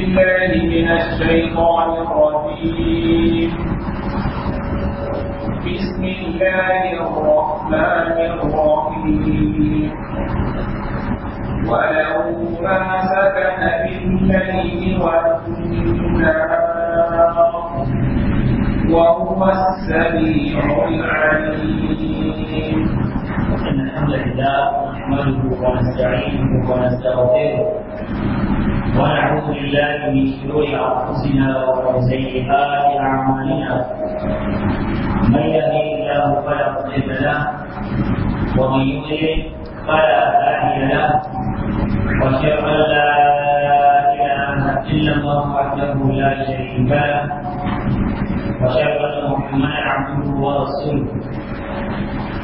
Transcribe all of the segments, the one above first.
بالله من الشيطان الرجيم بسم الله الرحمن الرحيم ولو ما سكن بالليل والنهار وهو السميع العليم إن الحمد لله نحمده ونستعينه ونستغفره ونعوذ بالله من شرور انفسنا ومن سيئات اعمالنا من يهدي الله فلا مضل له ومن يضلل فلا هادي له واشهد ان لا اله الا الله وحده لا شريك له واشهد ان محمدا عبده ورسوله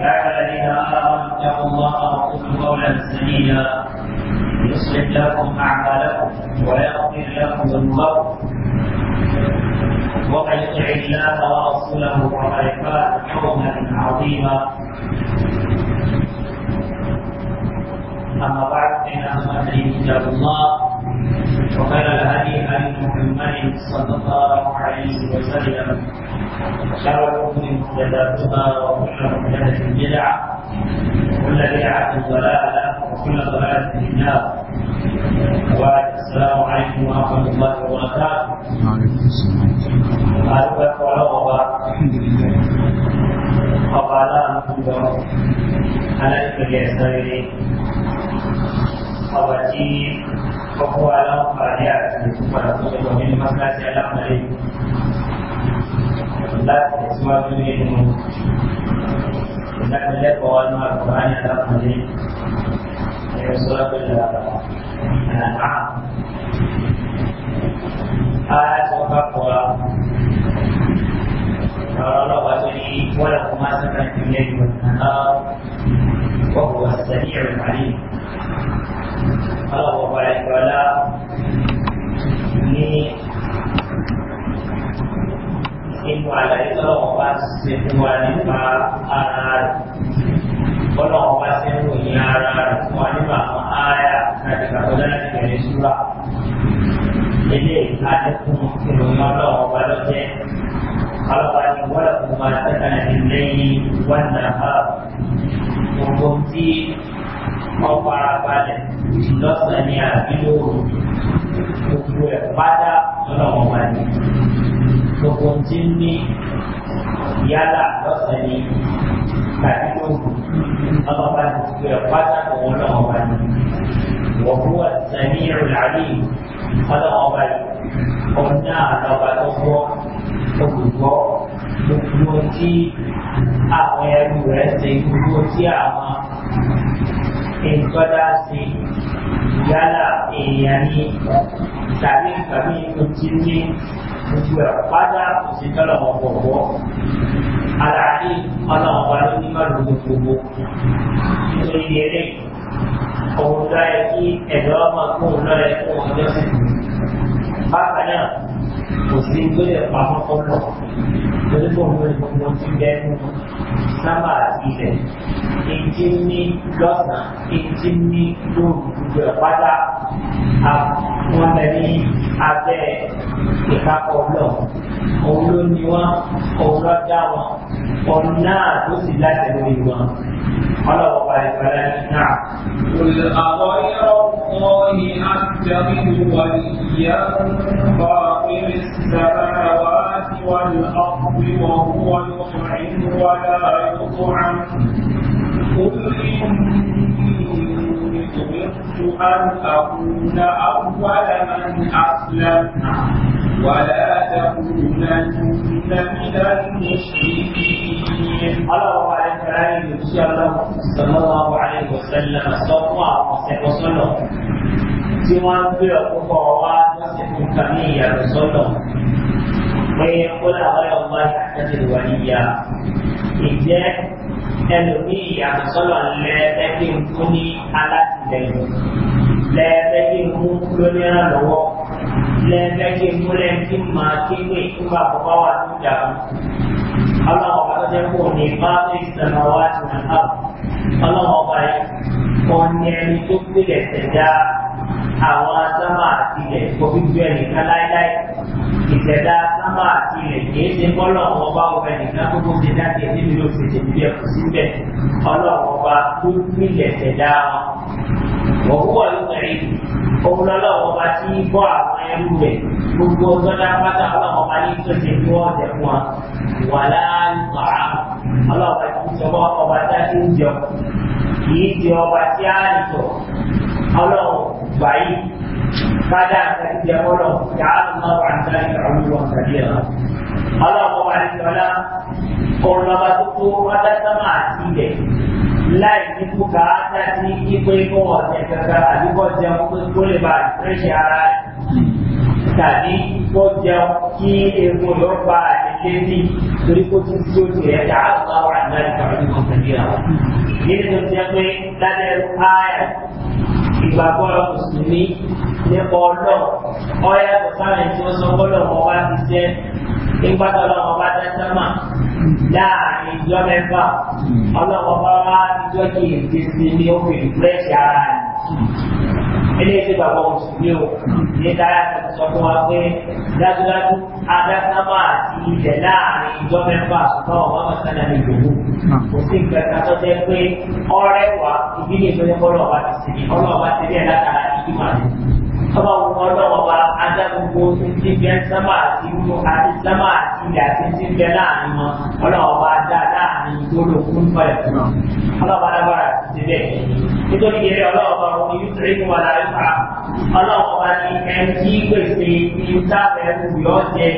يا الذين امنوا اتقوا الله وقولوا قولا سديدا يصلح لكم اعمالكم ويغفر لكم ذنوبكم ومن يطع الله ورسوله فقد فاز فوزا عظيما اما بعد فان اصدق كتاب الله وخير الهدي هدي محمد صلى الله عليه وسلم وشر الامور محدثاتها وكل محدثه بدعه وكل بدعه ضلاله وكل ضلاله في النار السلام عليكم ورحمه الله وبركاته. وعليكم السلام. أعرفك وعرفك. الحمد لله. وقال أنكم على إفك يستغيري. أوتي وهو على مقاليات من مسلسل الأمر لا اسمع مني انه لا ملك وانا القران على قلبي هي سوره الانعام آية سورة قال رجلي وله ما سكن في الليل والنهار وهو السميع العليم قال الله عليه وسلم nínú àlàyé tọ́lọ́wọ́ bá ṣe fún wa nípa ara rẹ̀ tọ́lọ́wọ́ bá ṣe ń ròyìn ara rẹ̀ fún wa nípa àwọn aya àti ìgbàgbọ́dá láti bẹ̀rẹ̀ súra ilé adékun ìròyìn ọlọ́wọ́ bá ló jẹ́ ọlọ́wọ́ ni wọ́n lọ fún wa sẹ́kàlẹ̀ lẹ́yìn wọ́n nà á gbogbo tí wọ́n fara balẹ̀ lọ́sàn-án ni àbí lóru gbogbo ẹ̀ pátá ọlọ́wọ́ wa ni gbogbo tí ń ní yálà lọ́sẹ̀ ni tàbí lóògùn ọlọ́ba ti fi ẹ̀kọ́ àtàkùn wọn náà ọba ni wọ́n fún wa sani ìrìnàlì ọlọ́wọ́ ọba yìí ọ̀hún náà lọ́ba tó gbọ́ olùgbọ́ gbogbo tí àwọn ẹrú rẹ̀ ṣe gbogbo tí àwọn ìtọ́já ṣe yálà èèyàn ni tàbí tàbí ìtòjì ní ojú ẹ̀ pátá òsì tọ́lọ̀ ọ̀pọ̀ ọ̀pọ̀ aláàárín ọlọ́run wa ló ní mọ́lù ní gbogbo nítorí eré ọ̀hún lọ́yẹ kí ẹ̀dọ́ ọmọ kóun lọ́yẹ kóun ọjọ́ sí bákan náà kò sí tó lè pa kọ́kọ́ pọ̀ lórí gbogbo gbogbo ti bẹ́nu sábà ilẹ̀ èjì ní lọ́sàn èjì ní lóru gbogbo ẹ̀pátá wọn bẹ ní abẹ́ ìkápọ̀ náà òun ló ní wọn òun lọ dá wọn òun قل أغير الله أتخذ وليا في السماوات والأرض وهو يطعم ولا يطعم قل إني أمرت أن أكون أول من أسلم ولا تكونن من المشركين. على وعلى كلام النبي صلى الله عليه وسلم صلى الله عليه وسلم tí wọ́n ń gbé ọ̀pọ̀pọ̀ wá lọ́sẹ̀ fún kàmí ìyàtọ̀ sọ́tọ̀ pé ó làwọn ẹ̀rọ bá ṣàtẹ́tì wà níyà ìjẹ́ ẹlòmíì ìyàtọ̀ sọ́tọ̀ lẹ́ẹ̀ẹ́dẹ́gbẹ́ fún ní alátìlẹyìn lẹ́ẹ̀ẹ́dẹ́gbẹ́ fún lóní àlọ́wọ́ lẹ́ẹ̀ẹ́dẹ́gbẹ́ fún lẹ́ẹ̀kí máa kí pé ìtúbà bọ́bá wà ní ìjà ọlọ́wọ́ bá tọ́jú kò ní àwọn sábà àti ilẹ̀ kò fi ju ẹnìkan láíláí ìtẹ̀dá sábà àti ilẹ̀ kìí ṣe bọ́lọ̀ ọba ọba nìkan tó kó ṣe dáadé níbi ló ṣe ṣe bí ẹkù síbẹ̀ ọlọ́run ọba tó nílẹ̀ tẹ̀dá wọn. òwúwọ̀ ló tẹ̀lé òun lọ́lọ́run ọba tí ń bọ́ àwọn ẹrú rẹ̀ gbogbo ọgọ́dá pátá ọlọ́run ọba ní tó ṣe kí wọ́n jẹ fún wa wà láàlùkọ̀ ọlọ́run kada katika hilo taala Allahu an dhalika uluwan kabira Allah subhanahu wa ta'ala ọlọ́ba tó tó ọdá sámà àti ilẹ̀ láì ní kúkà á dá sí ipò ikú ọ̀sẹ̀ kankan àdúgbò jẹun pé kó lè bá àdúrẹ́sẹ̀ ara rẹ̀ tàbí kó jẹun kí egun ló bá àdéhé sí torí kó ti tó tirẹ̀ dá àwọn ìgbàgbọ́ mùsùlùmí nípa ọlọ́ ọ̀yà bùkárẹ̀ tí wọ́n sọ gbọ́dọ̀ wọn bá ti jẹ́ nígbà tó lọ́wọ́ bá dá sẹ́mà láàrin ìjọ mẹ́fà ọlọ́wọ́ bá wá ìjọ kìí ti sinmi ó fi rẹ̀ ṣe ara rẹ̀ eléyìí ti gbàgbọ́ mùsùlùmí o ilé dára ti sọ fún wa pé dájúdájú adásámà àti ilẹ̀ láàrin ìjọ mẹ́fà àtúntò ọ̀wọ́n mọ̀sánà ní ìdòwú hmm. kò sí ìgbàgbà tó jẹ́ pé ọ̀rẹ́ wa ìdílé ìgbẹ́lẹ́kọ́ ọlọ́ọ̀bá ti sinmi ọlọ́ọ̀bá ti rí ẹ̀ látara ìdí màdé kọ́ba wọn ọlọ́wọ́n wa ajá gbogbo tí ń ti bẹ́ sábà àti inú àti sábà àti ilẹ̀ àti ti bẹ́ láàrin wọn ọlọ́wọ́n wa ajá láàrin ìgbóló fún ìfọ̀lẹ̀ fún wọn ọlọ́wọ́n adágbára ti ti bẹ́ẹ̀ nítorí eré ọlọ́wọ́n wa wọn ibi tó inú wa la rí fa ọlọ́wọ́n wa ni ẹni tí pèsè ibi táfẹ́ ìwúyọ́ jẹ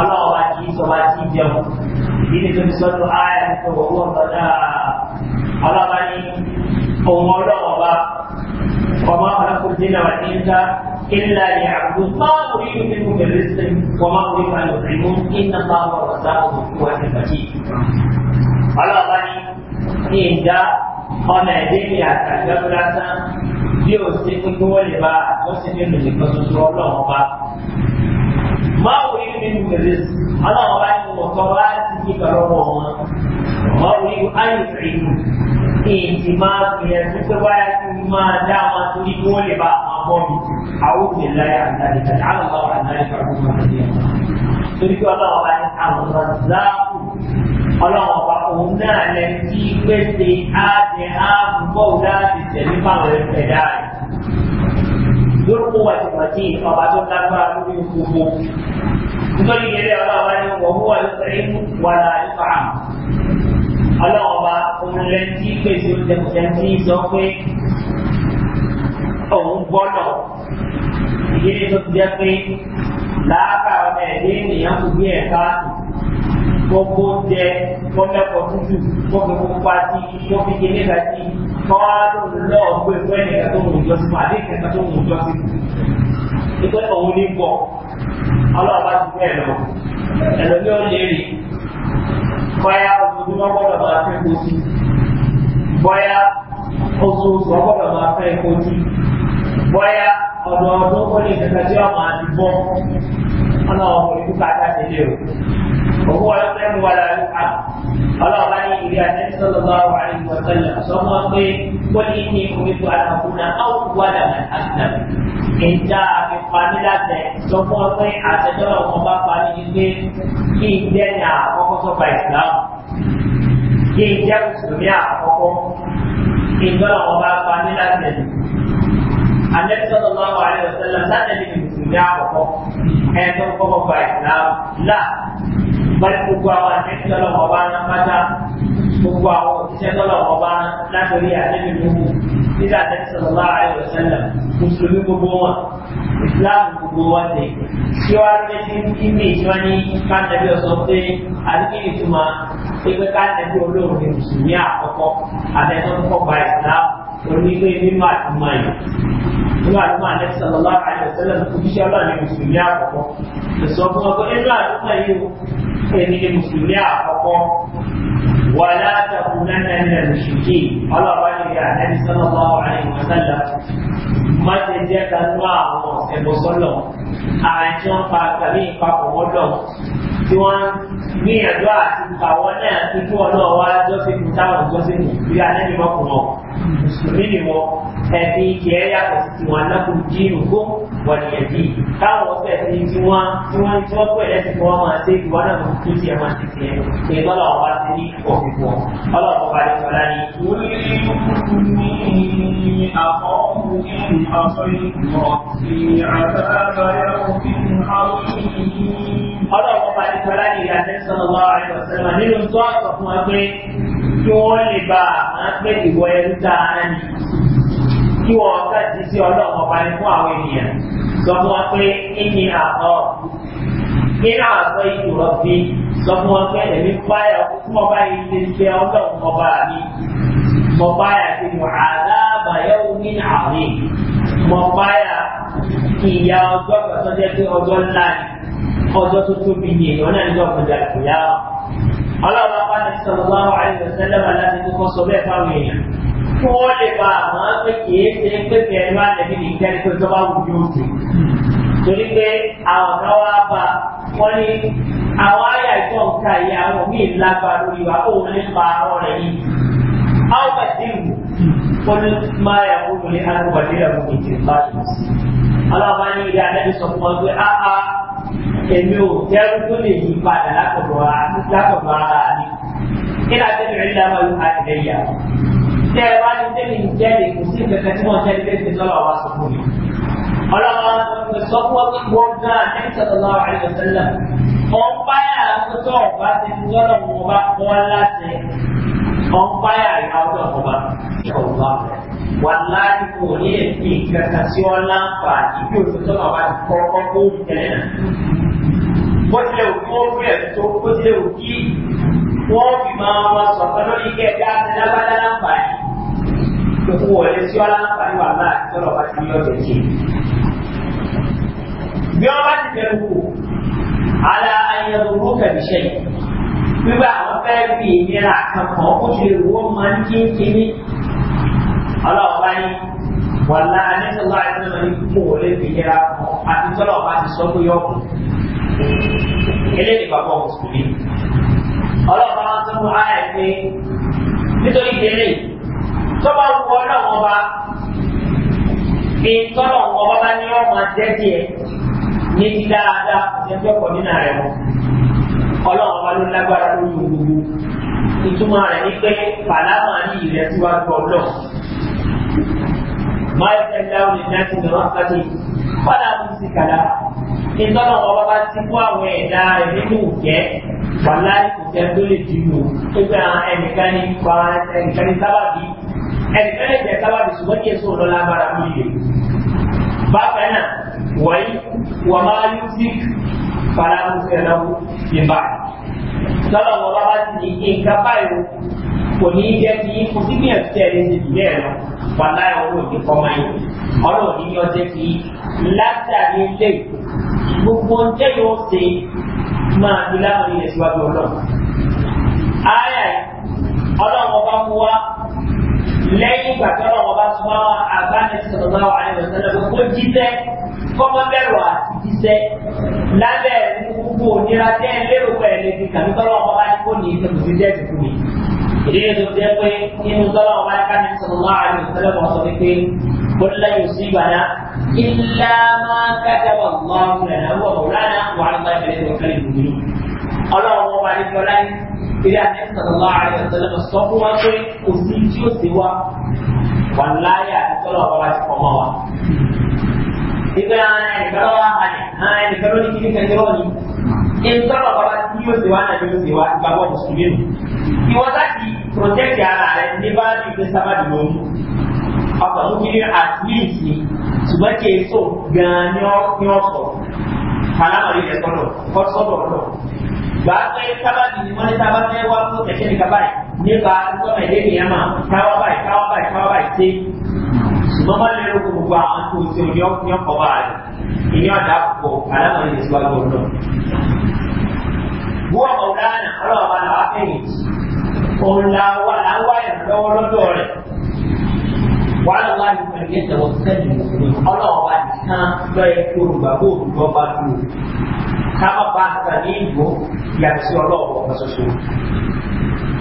ọlọ́wọ́n wa kì í sọ wa kì í jẹun ìdí tó ti sọ́dọ̀ ayé àti ọ̀wọ́ ọlọ́wọ́n الجن والإنس إلا ليعبدون ما أريد منهم من رزق وما أريد أن يطعمون إن الله هو الرزاق ذو القوة المتين. على ظني إن جاء ọmọ ẹ̀dẹ́ ni àtàjọ́ lásán bí ó ṣe pé kí wọ́n lè bá àtúnṣe nínú nìkan tuntun ọlọ́run ọba. máa wọ inú nínú kẹlẹ́ ọlọ́run ọba ní ọkọ̀ wá sí kíkà lọ́wọ́ wọn. máa wọ inú ayé ìfẹ́ inú ní ti máa gbìyànjú pé báyà kí n máa dá wọn torí kí wọ́n lè bá àwọn ọmọ mi àwọn òbí láyé àdáyé tàbí àlọ́lá wà láyé pàdé wọn àti ẹ̀kọ́. torí pé ọlọ́wọ́ bá ní àwọn ọ̀záàkù ọlọ́wọ́ bá òun náà lẹ kí pèsè áàbẹ áàbù bọ́ọ̀ láti tẹ̀lé fáwọn ẹ̀dá rẹ̀. lórúkọ wà ti pàtí ọba tó lágbára lórí gbogbo nítorí ìyẹlẹ ọlọ́ọ̀ba olùlẹ́ntì pèsè olùlẹ́ntì sọ pé òun gbọ́dọ̀ ìdílé tó ti jẹ́ pé láàkà ọmọ ẹ̀dẹ́ ènìyàn kò bí ẹ̀ka gbogbo jẹ kọ́mẹ́kọ̀ọ́ tútù kọ́mẹ́ pupa sí kọ́mẹ́ kékeré sí kọ́wá tó lọ́ọ̀ gbé fún ẹnìkan tó wùjọ sí fún àdéhùn kan tó wùjọ sí fún. nítorí òun ní bọ̀ ọlọ́ọ̀ba ti fẹ́ lọ ẹ̀lọ́mí ò lè bóyá ojú wọn ma máa fẹ́ kojú bóyá oṣooṣù wọn gbọ́dọ̀ ọdụ fẹ́ kojú bóyá ọ̀dọ̀ọdún ó lè ọlọ́wọ́ kò ní kú káàdá sí ilé o òkú wọn fẹ́ mu wà láàyè ká ọlọ́wọ́ bá ní ìrìn àtẹ́sí sọ́dọ̀ bá wà ní ìwọ̀sẹ̀lẹ̀ sọ́mọ́ pé kọ́lí ní omi tó àtàkùnà áwùn wà lànà àtìlà ìjà àfipáni látẹ̀ sọ́mọ́ pé àtẹ̀jọ́rọ̀ wọn bá parí ní pé kí ìjẹ́ ní àkọ́kọ́ sọ́pa ìsìlámù kí ìjẹ́ mùsùlùmí àkọ́kọ́ ìjọ́rọ̀ wọn bá parí látẹ̀ àtẹ̀jọ́rọ̀ wọn wà ní ní àkọ́kọ́ ẹni tó kọ́kọ́ gba ìsìlámù là báyìí gbogbo àwọn àtẹ́sí ọlọ́mọ bá ń pátá gbogbo àwọn òṣìṣẹ́ tọ́lọ́mọ bá ń látòrí àtẹ́bí lóko nígbà àtẹ́sí sọ̀rọ̀lá àìwọ̀ sẹ́lẹ̀ mùsùlùmí gbogbo wọn ìsìlámù gbogbo wọn ti síwájú tí kíni ìṣúwání kánẹ́bí ọ̀sán pé àdínkì ìtumọ̀ pé káńtẹ́bí olóòrùn ni mùsùlùmí àkọ́kọ́ àtẹ́sí ọlọ́mọ bá ìsìlámù onílé nínú àtúmọ̀ yìí nínú àtúmọ̀ àti sọlọ́lá àìsẹ̀lẹ̀ òjíṣẹ́ ọlọ́ọ̀ni mùsùlùmí àkọ́kọ́ ẹ̀sọ́ fún ọkọ̀ nínú àtúmọ̀ yìí ẹni ni mùsùlùmí àkọ́kọ́ wà látàkùn náà ní ẹ̀rùsìkì ọlọ́ọ̀bá ní ìyá ẹni sọlọ́lá àìsẹ̀lẹ̀ má ti jẹ́ kanú àwọn ẹ̀bọ̀sọ́lọ̀ àjọ pa tàbí ìpapọ̀ mọ́dọ̀ tí wọ́n gbìyànjú àti ìpàwọ́ náà kíkú ọlọ́ọ̀wá jọ́sìn táwọn jọ́sìn bí anẹ́bí mọ́kùnrin mùsùlùmí ni wọ́n ẹ̀sìn yàtọ̀ sí tiwọn aláko jíìnù kó wọ́n yẹn bí káwọn ọ̀sẹ̀ sí tí wọ́n tí wọ́n tí wọ́n pè lẹ́sìn tí wọ́n máa ṣe ìwọ́n náà mú kí tiẹ̀ máa ṣe tiẹ̀ ètò ọlọ́wọ́ bá ti ní ọ̀fìfọ̀ ọlọ́wọ́ bá ti sọ̀rọ̀ ní. wọ́n ní kúkúrú àkọ́kù nínú afẹ́yìnbọ̀ sí àtàkàyàwó nínú àwọn ọlọ́wọ́ bá ti sọ̀rọ̀ ní ìyá kí wọ́n lè bá àwọn pé ìwọ ẹrú dáadáa ni kí wọ́n ká ti sí ọlọ́run ọba ní fún àwọn ènìyàn sọ fún wọn pé kíni àtọ́ kíni àtọ́ ìjùrọ̀ bí sọ fún wọn pé ẹ̀mí báyà fún ọba yìí ti ṣe ọlọ́run ọba mi mo báyà ti mọ̀ àdáàbà yẹ́wò ní àwìn mo ìyá ọjọ́ kan jẹ́ pé ọjọ́ ńlá ni ọjọ́ tó tóbi ni èèyàn náà ń lọ́kùnjà ìyá ọ̀ ọlọ́run apá ní sọ̀rọ̀ àìsàn sẹ́lẹ̀mà láti kókó sọ bẹ́ẹ̀ fáwọn èèyàn kí wọ́n lè bá àwọn pé kìí ṣe pé bẹ́ẹ̀ ló àlẹ́bí ní ìjẹ́rìí pé tọ́ba wù ní òkè torí pé àwọn kan wá bá wọ́n ní àwọn àyà ìtọ́ nǹka yìí àwọn míì lágbára lórí wa kó wọ́n lè pa àárọ̀ rẹ̀ yìí. àwọn bá kó ní máa yà kó lórí àwọn bàtẹ́rẹ̀ mú ìtìrìbá yìí. ọlọ́run bá ní ilé èmi ò jẹ́rú tó lè yí padà látọ̀dọ̀ ara mi kí ni àti ìrìn ìdámọ̀ àtìlẹ́ yà tẹ́ ẹ bá ní tẹ́lẹ̀ ń jẹ́rìí kò sí ìfẹ́fẹ́ tí wọ́n jẹ́rìí lẹ́sẹ̀ tọ́lọ̀ wá sọ fún mi ọlọ́run sọ fún wọn náà ní sọ̀tọ̀lọ́ àìsọ̀tẹ́lẹ̀ ọ̀n báyà tó ọ̀bá ti fi lọ́dọ̀ wọn bá wọn láti ọ̀n báyà ìhàwọ́ ọ̀bá ọ̀bá rẹ̀ wàláyé kò ní èsì ìkẹta sí ọ láǹfà ìbí òṣìṣẹ́ náà bá ti kọ́ ọkọ́ kó tẹ̀lé náà. bó tilẹ̀ òkú wọn fún ẹ̀sùn tó bó tilẹ̀ òkú wọn fi máa wá sọ̀tọ́ lórí kẹta àti lábàdá láǹfà yìí. gbogbo wọlé sí ọ láǹfà yìí wà láà tí ọ̀rọ̀ bá ti ní ọ̀jẹ̀ sí. bí wọ́n bá ti bẹ̀rù wò ala ayélujára kàbí sẹ́yìn. gbígbà àwọn fẹ́ẹ́ ọlọ́run bá ní wàlá anẹ́sọ̀lá àìsàn ní kò lè fi yẹra kan àti tọ́lọ̀ bá ti sọ pé yọ̀kù eléyìí bàbá mùsùlùmí ọlọ́run bá wọn tó mú ayé pé nítorí ìdílé tọ́ba wọ ọlọ́run ọba ní tọ́lọ̀ ọba bá ní ọmọ jẹ́jẹ́ ní ti dáadáa ẹgbẹ́ pọ̀ nínú rẹ̀ wọn ọlọ́run ọba ló lágbára lórí gbogbo ìtumọ̀ rẹ̀ ní pé pàlámà ní ìrẹsíwájú ọlọ́run. ما يفتح الله للناس من رحمته فلا ممسك لها إن ظن وبابا سكوا وإدار منوك والله كتبدل الجنو إذا أنكان أنكان سببي أنكان إذا سببي سبب يسوع لا برامي بابنا وي وما يمسك فلا ممسك له من بعد ظن وبابا سكوا إنك بايو kò ní jẹ́ kí kò sí gbìyànjú tẹ̀lé ti bìlẹ̀ lọ wàlá ọlọ́run ní kọ́má yìí ọlọ́run ní yọ jẹ́ kí látàrí lè gbogbo ọjọ́ yóò ṣe máa fi láwọn ilẹ̀ síwájú ọlọ́run. ayé ọlọ́run ọba mú wa lẹ́yìn ìgbà tí ọlọ́run ọba tún wá abánẹsẹ̀ ọ̀gá wa ayé ọ̀sán náà gbogbo jíṣẹ́ kọ́mọ bẹ̀rù àti jíṣẹ́ lábẹ́ gbogbo onírà tẹ́ lérò pẹ̀lú ìdíkà nítorí ọmọ bá ní kò ní ìtẹ̀kùsí jẹ́ ìdíkù mi. Jadi tó jẹ́ pé nínú tọ́lá ọba ká ní itu àrùn ìfẹ́lẹ́ wọn sọ pé kólá yóò sí ìbàdàn ilá máa kájà wà wà wùlànà wà wùlànà wà àgbà ìfẹ́lẹ́ tó kẹ́lẹ́ ìbùdó. ọlọ́run ọba ní tọ́lá ilé àti sọ̀rọ̀ àrùn ìfẹ́lẹ́ wọn sọ fún wa pé kò sí tí ó sì wá wà láyé àti tọ́lá ọba ti pọ̀ mọ́ wa. ìgbà ẹnìkan wà hàn ìtọ́lọ̀ bàbá tí yóò ṣe wá náà yóò ṣe wá ìgbàgbọ́ mùsùlùmí nù. ìwọ láti project ara rẹ ní bá ti fi sábàdì lóyún. ọkọ̀ ló kiri at least ṣùgbọ́n kí èso gan-an ní ọ̀sọ̀ alámọ̀lẹ́ rẹ̀ sọ̀rọ̀ kọ́ sọ̀rọ̀ ọ̀rọ̀. gbàá pé sábàdì ni wọ́n ní sábà fẹ́ wá fún ẹ̀ṣẹ́ nìkan báyìí nípa ìtọ́mọ̀ ẹ̀dẹ́ nìyẹn máa káwá báyìí káwá báyìí káwá báyìí ṣe. ṣùgbọ́n wọ́n lè ìyá dàpọ̀ alámọ̀lẹ́ ìsíwájú ọ̀nà. Wọ́n ọ̀daràn ọlọ́ọ̀bá làwọn akẹ́yìn òun la wà láwá ìrànlọ́wọ́ lọ́dọ̀ rẹ̀. Wàhálà wà ní ìpínlẹ̀ ìjọba sẹ́yìn ọlọ́ọ̀bá nìkan lọ́yẹ kí olùgbàgbọ́ olùgbọ́ bá dúró. Ká má bá àgbà ní ìbò yàtí ọlọ́ọ̀bọ̀ kan ṣoṣo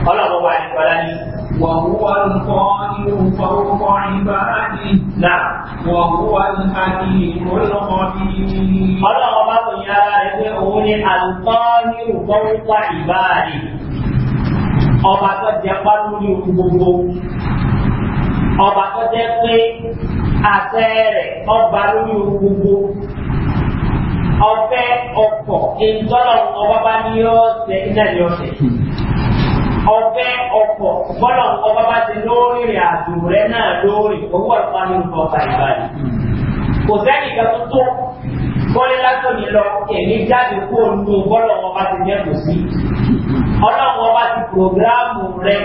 ọlọ́run wà ní ọ̀la ni. وهو القاهر فوق عباده نعم وهو الحكيم الخبير ọlọ́run bá tó yára rẹ̀ pé òun ni alùpàánì òfòrúkọ ìbáàdì ọba tó jẹ pálú ní ojú gbogbo ọba tó jẹ pé àtẹ rẹ̀ ọba lórí ojú gbogbo ọfẹ ọkọ ìjọlọ ọba bá ní ọsẹ náà ní ọ̀fẹ́ ọ̀pọ̀ bọ́lọ̀ ọba bá ti lórí rìn àjò rẹ̀ náà lórí owó ọ̀pá nínú ọba ìbàdí. kò sẹ́ni kan tó tó bọ́lé lásán mi lọ èmi jáde kó nu bọ́lọ̀ ọba ti mẹ́kù sí. ọlọ́run ọba ti pògíráàmù rẹ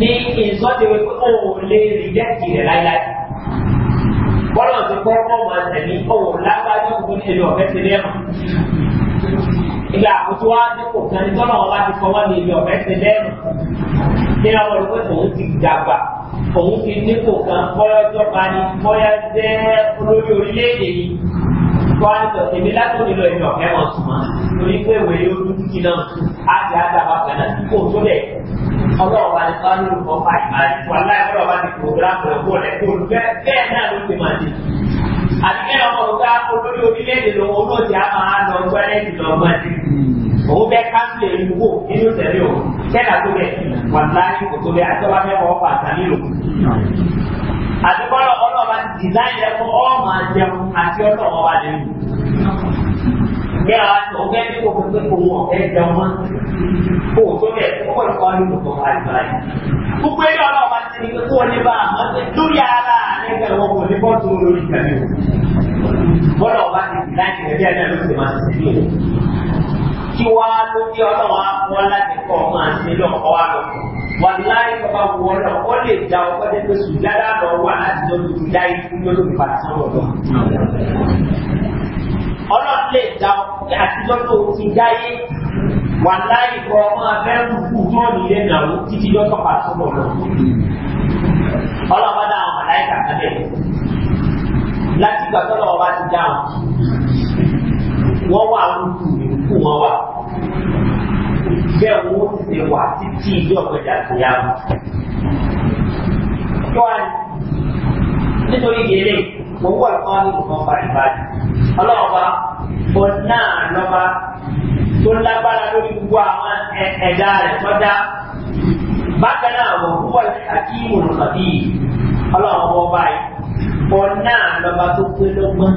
ní ìsọ́dẹ̀wé pé o ò lè rìjẹ́tì rẹ̀ láíláí. bọ́lọ̀ ti kọ́kọ́ máa tẹ̀lé o lágbájú fún ẹ̀yọ̀ ọ̀fẹ́ ìgbà àwọn tó wá kan ní tọ́lọ̀ wọn ti kọ́ ní ibi ọ̀fẹ́ ti lẹ́nu ní àwọn olùkọ́ tòun ti dàgbà òun ti dínkù kan bọ́yá jọba ni bọ́yá jẹ́ olórí orílẹ̀-èdè ni kọ́ àtọ̀ èmi látò nílò ẹ̀mí ọ̀fẹ́ wọn súnmọ́ torí pé ìwé yóò dúdú kí náà á ti àdàbà kan náà kó tó lẹ̀ ọlọ́run bá ní sọ́ọ́ nínú ọ̀pá wà láì àti kẹ́lọ́ ọmọ ọ̀gá olórí orílẹ̀-èdè lọ owó náà ti á máa lọ gbẹ́rẹ́dì lọ gbọ́n sí. òun bẹ káńtì èyí wò nínú tẹ̀lé o kẹ́lá tó bẹ̀ wà láyé kò tó bẹ àtọ́wá mẹ́wàá ọkọ̀ àtàlí lò. àti kọ́lọ̀ ọlọ́ọ̀bá ti dìzáìn rẹ̀ fún ọ́ọ̀mà jẹun àti ọlọ́ọ̀mà wà lẹ́nu ìgbẹ́ ọgbẹ́ tí kò fún pé kò wọ́n ọ̀fẹ́ jẹ ọmọ kò tó bẹ̀ ọkọ̀ ìkọ́ ní gbogbo àìsàn yìí. gbogbo di láti rẹ̀ bí ẹ̀dá ló ti máa ṣe sí kí wá ló dé ọlọ́run á fún ọ láti kọ́ ọmọ àti lọ́kọ́ wa lọ. wàláyé bàbá wọ ọ lọ ọ lè da ọkọ dé pé ọlọ́run lè àtijọ́ tó ti dáyé wà láyé kọ́ ọmọ abẹ́rù kù tó nílé nàró títí lọ́tọ̀ pàtó bọ̀ lọ. ọlọ́run bá dá àwọn láti gbà tọ́lọ̀ ọba ti dá wọ́n wà lójú ìkú wọn wà. bẹ́ẹ̀ wọ́n ti ṣe wà títí ìjọ ọ̀gbẹ̀dà tó yá wọn. yọ̀ọ́ nítorí gèlè òun wà lọ́wọ́ nínú kan ìbàdàn ọlọ́ọ̀ba òun náà lọ́ba tó lágbára lórí gbogbo àwọn ẹ̀dá rẹ̀ tọ́já bákan náà wọ̀ púpọ̀ akíwò lọ́bí ọlọ́ọ̀ba ọba yìí òun náà lọ́ba tó pé lọ́gbọ́n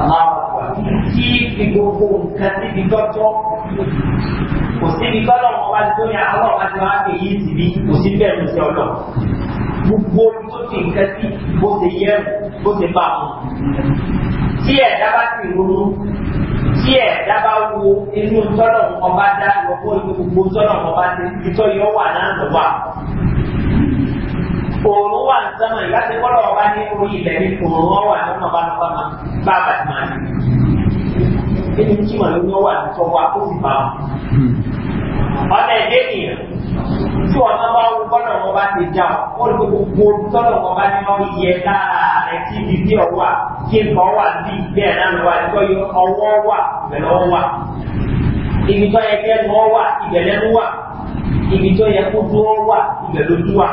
àmọ́ tí fi gbogbo nǹkan síbi tọ́tọ́ kò síbi tọ́lọ̀ wọn wá tó ní àwọn ọ̀gá tí wọ́n á kéyí síbi kò sí bẹ́ẹ̀ lọ sí ọlọ́ gbogbo tó ti nǹkan bó ṣe yẹ bó ṣe bá wọn. tí ẹ̀dá bá ti ronú tí ẹ̀dá bá wo inú tọ́lọ̀ ọba dá lọ́pọ̀ gbogbo tọ́lọ̀ ọba dé ìtọ́ yọ wà náà wà. Òòrùn wà ń ọba ní orí ilẹ̀ ní òòrùn wọn wà ọba lọ́pọ̀ bá tí wọn náà bá wú kọ́nà wọn bá ti dà ó lè gbogbo kọ́nà wọn bá ní wọn yẹ lára rẹ kí ibi tí ọ wà kí nǹkan wà bí bẹ́ẹ̀ náà lọ wà nígbà yọ ọwọ́ wà ìbẹ̀lẹ̀ wọn wà ibi tó yẹ kẹ́nu wọn wà ìbẹ̀lẹ̀ wọn wà ibi tó yẹ kó dúró wà ibẹ̀ ló dú wa.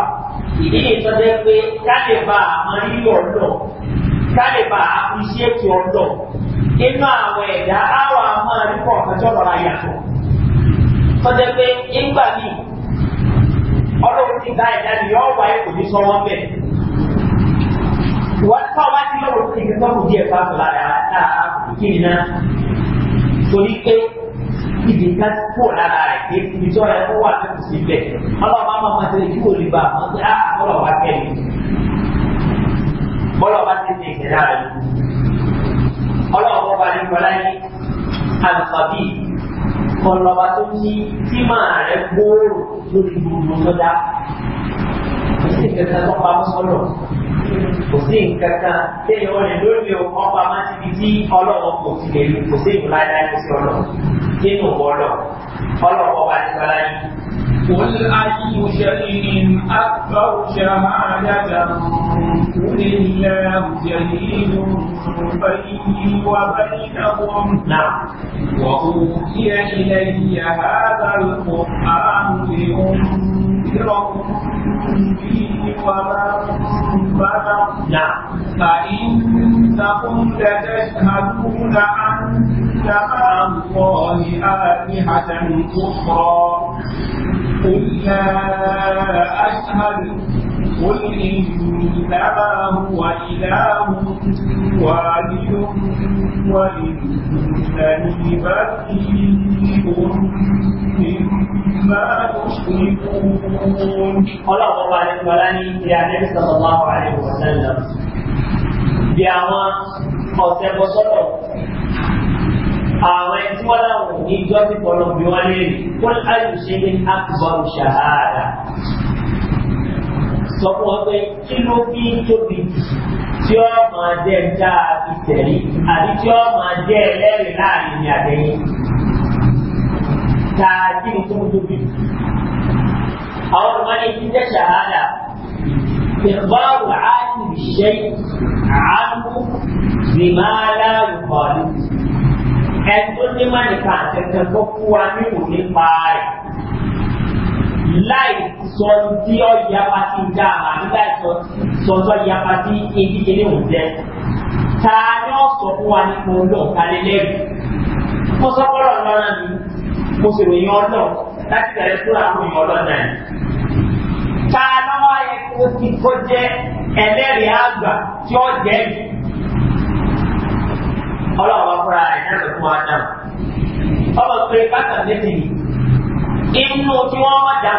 ìdí ìtọ́jú pé káde bá àmọ́ nínú ọ̀dọ̀ káde bá àpìṣẹ́tì ọ̀dọ̀ inú àwọn ẹ̀dá àwọn àmọ́ àdúgbò ọ̀kan tó lọ́ra yàtọ̀. pé nígbà míì ìdá ẹ̀dá ni yọ wáyé kò ní sọ wọn bẹ̀. Wọ́n tọ́ wá sí lọ́wọ́ tó ti sọ́kù díẹ̀ fáfù lára lára kí ni náà. Torí pé ibi ká kó lára rẹ̀ pé ibi tí ọ̀rẹ́ kó wà lókùn sí bẹ̀. Ọlọ́ọ̀bá máa ma tẹ̀lé kí wò lè bá àwọn pé á ah, bọ́lọ̀ wá kẹ́lẹ̀. Bọ́lọ̀ bá ti ṣe ìṣẹ̀dá rẹ̀. Ọlọ́ọ̀bá bá ní kọ́lá ní àlùfàbí ọlọ́ba tó ní tí máa rẹ̀ gbóòrò lórí gbogbo tó ìkẹta tó pa mọ́ sọ́lọ̀ kò sí ìkẹta téèyàn ó lè lórí ọkọ̀ pa máa ti fi tí ọlọ́wọ́ kò ti lè kò sí ìmúlá dájú sí ọlọ́ nínú ọlọ́ ọlọ́wọ́ bá ti bára yìí. قل أي شيء أكبر شهادة قل الله شهيد بيني وبينهم نعم وأوحي إلي هذا القرآن لأمة لينذركم فيه ومن بلغ فإنكم لتشهدون أن مع الله آلهة أخرى قل لا أشهد قل إنما هو إله واحد وإنني بريء مما تشركون قال الله عليه وسلم يا نبي صلى الله عليه وسلم يا ما ọ̀sẹ̀ bọ́ sọ́dọ̀ àwọn ẹni tí wọ́n láwọn ò ní gbọ́ sí pọ̀lọ́bì wọn lé kó láyò ṣe ní akùbọ̀rù ṣàhárà sọ fún wọn pé kí ló fi tóbi tí ó máa jẹ́ dá ìtẹ̀lé àbí tí ó máa jẹ́ ẹlẹ́rìí láàrin ní àtẹ̀yìn ta kí ni tó tóbi. àwọn ọmọ ní ti jẹ́ ṣàhádà ìgbọ́rù áàtì ṣe àánú bìmáàlá ìbọ̀lù ẹ̀dùn ní mánìkà àtẹ̀tẹ̀ tó kú wa nínú nípa rẹ̀ láì sọ tí ọ yapa sí dá àbí láì sọ sọtọ yapa sí ebi kele òun jẹ ta ni ọ sọ fún wa ní mo ń lọ kálẹ lẹbi mo sọ fọlọ lọrọ mi mo sì ròyìn ọlọ láti bẹrẹ fún àwọn èèyàn ọlọ́dà yìí ta lọ́wọ́ ayé kó ti kó jẹ ẹlẹ́rìí àgbà tí ó jẹ́ yìí ọlọ́wọ́ fúnra rẹ̀ náà ló fún wa dáhùn ọlọ́pẹ́ bàtà lẹ́sìn yìí inú tí wọ́n wá dá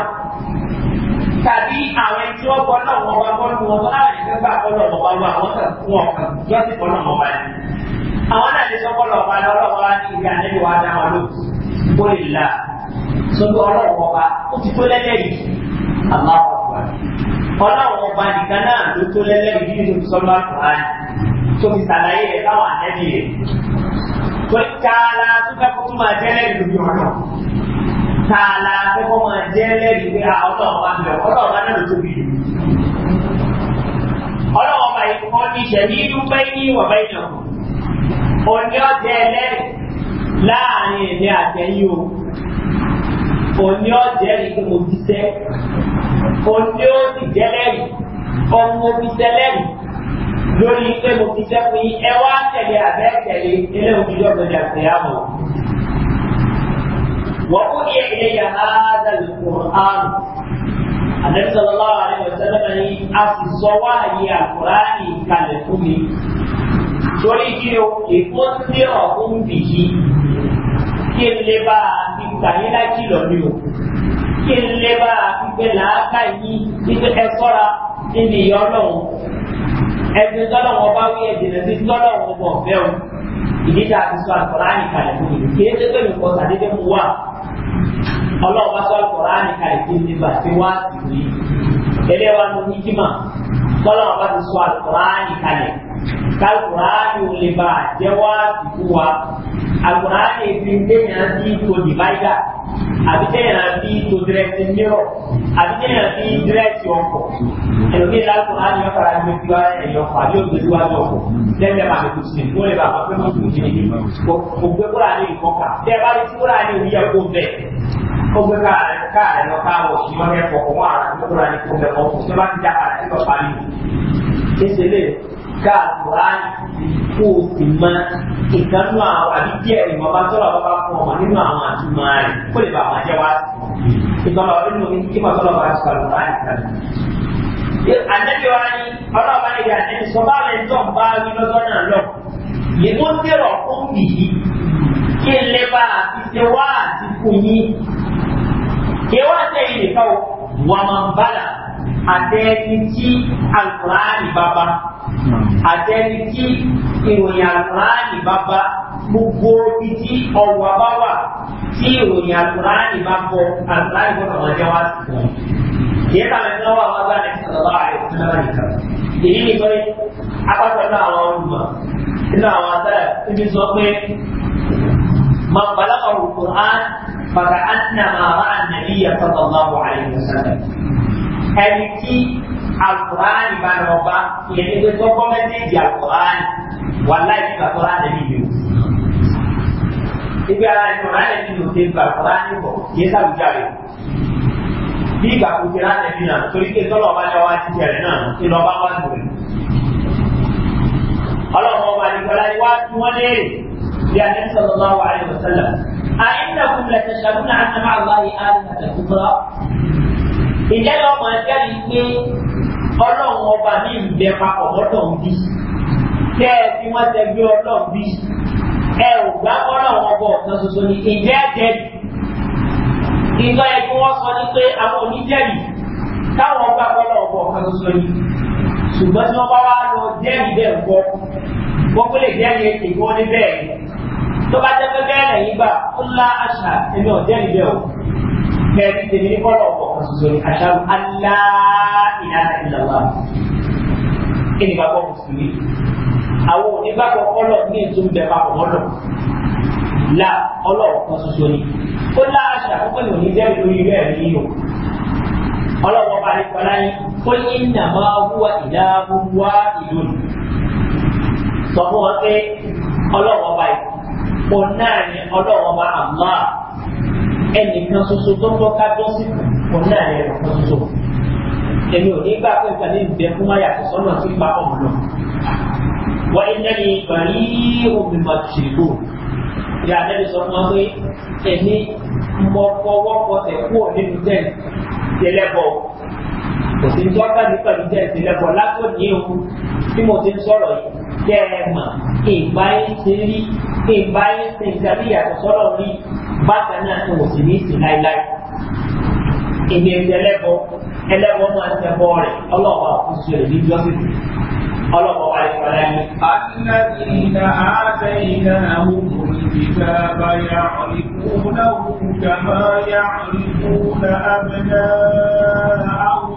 tàbí àwọn ẹni tí wọ́n gbọ́ náà wọ́n wá bọ́ lu wọn wọ́n láwọn ẹni gbà kọ́ lọ́wọ́ wá lu àwọn kan fún ọkàn yọ sí kọ́ náà wọ́n wá ní. àwọn náà lè sọ kọ́ lọ́wọ́ wá lọ́wọ́ wá ní ìgbà nínú wa dá wọn lóko ó lè la sọ́dọ̀ ọlọ́wọ́ wa ó ti tó lẹ́lẹ́ yìí aláwọ̀ ọlọ́wọ́ wa nìkan náà ló tó lẹ́lẹ́ yìí nínú sọ́dọ̀ tààlà kọ́kọ́ máa jẹ́ lẹ́rìí pé àwọn ah, ọba ti bẹ̀rẹ̀ ọlọ́run bá náà ló tóbi jù. ọlọ́run ọba yìí kọ́ ní ìṣẹ̀lẹ̀ inú bẹ́ẹ̀ ní ìwọ̀n bẹ́ẹ̀ yàn kù. òní ọjẹ́ ẹlẹ́rìí láàrin èmi àtẹ̀yìn o. òní ọjẹ́ rí pé mo jíṣẹ́. òní ó sì jẹ́ lẹ́rìí ọmọ mo fi ṣẹ́ lẹ́rìí lórí pé mo fi ṣẹ́ fún yín ẹ wá tẹ̀lé àbẹ́ tẹ̀lé ilé òjijọ́ gbọdọ̀ àtẹ̀yàwó. وأوحي إلي هذا القرآن النبي صلى الله عليه وسلم أصوى يا قرآن كالفم تريد لأنذركم به kí n lè bá a fi gbà yín láti lọ ní o kí n lè bá a fi gbé làákà yín nígbà ẹ sọ́ra níbi ìyá ọlọ́run o ìdíjà àti sọ àkọ́lá àyíkalẹ̀ fún mi kí ẹ tẹ́tẹ́ mi kọ́ sàdédé mu wá ọlọ́run bá sọ àkọ́rá nìkan ìdí nígbà tí wọ́n á sì ní ẹlẹ́wà ní o tọ́lọ́ ọba ti sọ àlùkùránì kalẹ̀ kálùkùránì ò lè bá e o wa àlùkùránì ti ń déyàn bí to divider àbí déyàn bí to dírẹ́sì mírọ̀ àbí déyàn bí dírẹ́sì ọkọ̀ ẹ̀lùmí lálùkùránì yọ fara ní ojú ara ẹ̀yọ ọkọ̀ àbí ògbé tí wàá o lẹ́gbẹ̀ẹ́ máa tó sí ní o bàbá pé o tún jìnnì kò gbé kúrò àní ìkọ́kà tẹ́ ẹ bá rí kúrò àní òbí ẹ̀kọ́ bẹ́ẹ̀ gbogbo káàdì káàdì lọ káàbọ̀ sí wọn yẹn kọ̀ọ̀kan wọn àrà tó kúrò ní kúrò ọ̀fọ̀ tó bá ti dá àrà tí wọ́n parí. Kéṣe lè ká àkùrán kó o sì mọ ìkan nínú àwọn àbí díẹ̀ ìmọ̀ bá tọ́lọ̀ bá bá fún ọmọ nínú àwọn àtúmọ̀ rẹ̀ kó lè bá àwọn jẹ́ wá sí. Ìgbà bàbá nínú kí màá tọ́lọ̀ bá ti sọ̀rọ̀ láì sàlù. Ànẹ́bí wa ni ọlọ́ọ̀bá lè gbà ní sọ bá bá wí lọ́gọ́ náà lọ. Yìí tó ń tẹ̀rọ̀ fún yìí kí n lè bá àti ṣe wá àti fún yín kí wá sẹ́yìn nìkan o wà máa ń bàlà àtẹ́ni tí alukùránì bá bá àtẹ́ni tí ìròyìn alukùránì bá bá gbogbo títí ọwọ́ bá wà tí ìròyìn alukùránì bá bọ alukùránì bọ̀ náà jẹ́ wá sí wọn. Yẹ ká lẹ́nu lọ́wọ́ àwọn bá lẹ́nu sọ̀rọ̀ lọ́wọ́ àyè fún náà nìkan. Èyí ni pé apákan náà àwọn olùmọ̀ nínú àwọn àtàlẹ̀ ibi sọ pé من بلغه القرآن فكأنما رأى النبي صلى الله عليه وسلم ẹni tí alukuraani bá lọ bá ìyẹn ní pé kọ́kọ́ mẹ́sẹ̀gì alukuraani wà láì nípa tọ́lá nàbí mi o. ibi ara ẹni ọ̀rá ẹni ní òde nípa alukuraani bọ̀ yé sàbújá rẹ̀. bí ìgbà kò ti rán ẹbí náà torí pé tọ́lọ̀ ọba ní ọwá títí rẹ̀ náà ti lọ bá wà lórí. ọlọ́run ọba nìkan láyé wá tí wọ́n léèrè. بأن صلى الله عليه وسلم أئنكم لتشهدون أن مع الله آلهة أخرى ìjẹ́ lọ mọ̀ ẹgbẹ́ yìí pé ọlọ́run ọba ní ìbẹ papọ̀ mọ́tọ̀hún bí kẹ́ ẹ fi wọ́n tẹgbẹ́ ọlọ́run bí ẹ ò gbá ọlọ́run ọba ọ̀kan ṣoṣo ní ìjẹ́ jẹ́rì ìgbà ẹ̀ kí wọ́n sọ ní pé àwọn oníjẹ́rì táwọn ọba ọlọ́run ọba ọ̀kan ṣoṣo ní ṣùgbọ́n tí wọ́n bá wá lọ jẹ́rì bẹ́ẹ̀ gbọ́ wọ́n kó lè jẹ́rì èkó ní bẹ́ẹ̀ tó bá jẹ́ pé bẹ́ẹ̀ lẹ́yìn gbà ó lá àṣà èmi ò jẹ́ ìbẹ̀ o kẹ́ẹ̀tì tèmi ní kọ́lọ̀ ọ̀pọ̀ kan ṣoṣo ní àṣà alá ìlànà ìlànà kí ni bàbá mùsùlùmí àwọn onígbàgbọ́ kọ́lọ̀ ní ètò ìbẹ̀ bá wọn lọ la ọlọ́wọ́ kan ṣoṣo ni ó lá àṣà púpọ̀ ní òní jẹ́ ìlú ìlú ẹ̀rí yìí o ọlọ́wọ́ bá ní kọ́lá yín ìlú sọ fún ọlọ́wọ́ báyìí òun náà ni ọlọ́run ọba àmọ́ ẹnìkan ṣoṣo tó tọ́ ká jọ́ sí òun náà ni ẹnìkan ṣoṣo èmi ò ní gbà pé ìgbà ní ìbẹ̀ fún wáyà tó sọ́nà tí ń bá ọmọ lọ. wọ́n iná ni ìgbàlí omi mà ṣèlú ìyá àtẹ́lẹ̀ sọ fún wa pé ẹni mọ fọwọ́pọ̀ tẹ̀ kú ọ̀ nínú jẹ́ǹtì tẹ́lẹ̀bọ̀ kò sí tọ́ka ní pẹ̀lú jẹ́ǹtì tẹ́lẹ̀bọ̀ látò ní ohun tí mo ti sọ̀rọ̀ yìí tẹ́ ẹ mà ìgbà yín ti rí bí n bá yín ṣe nǹkan bí yàtọ̀ sọ́dọ̀ rí bákan náà ni mo sì ní sí láéláé èmi ẹgbẹ́ ẹlẹ́bọ ẹlẹ́bọ máa ń tẹ́bọ rẹ̀ ọlọ́ọ̀bà òkúsù rẹ̀ ní jọ́sìtì ọlọ́ọ̀bà wà lẹ́kọ̀ọ́ láyé. aládìrínà àtẹ̀yìnà àwọn olùdíjà bá yà ọ̀rìnkúnà òkúta bá yà ọ̀rìnkúnà abẹ́nà àwọn.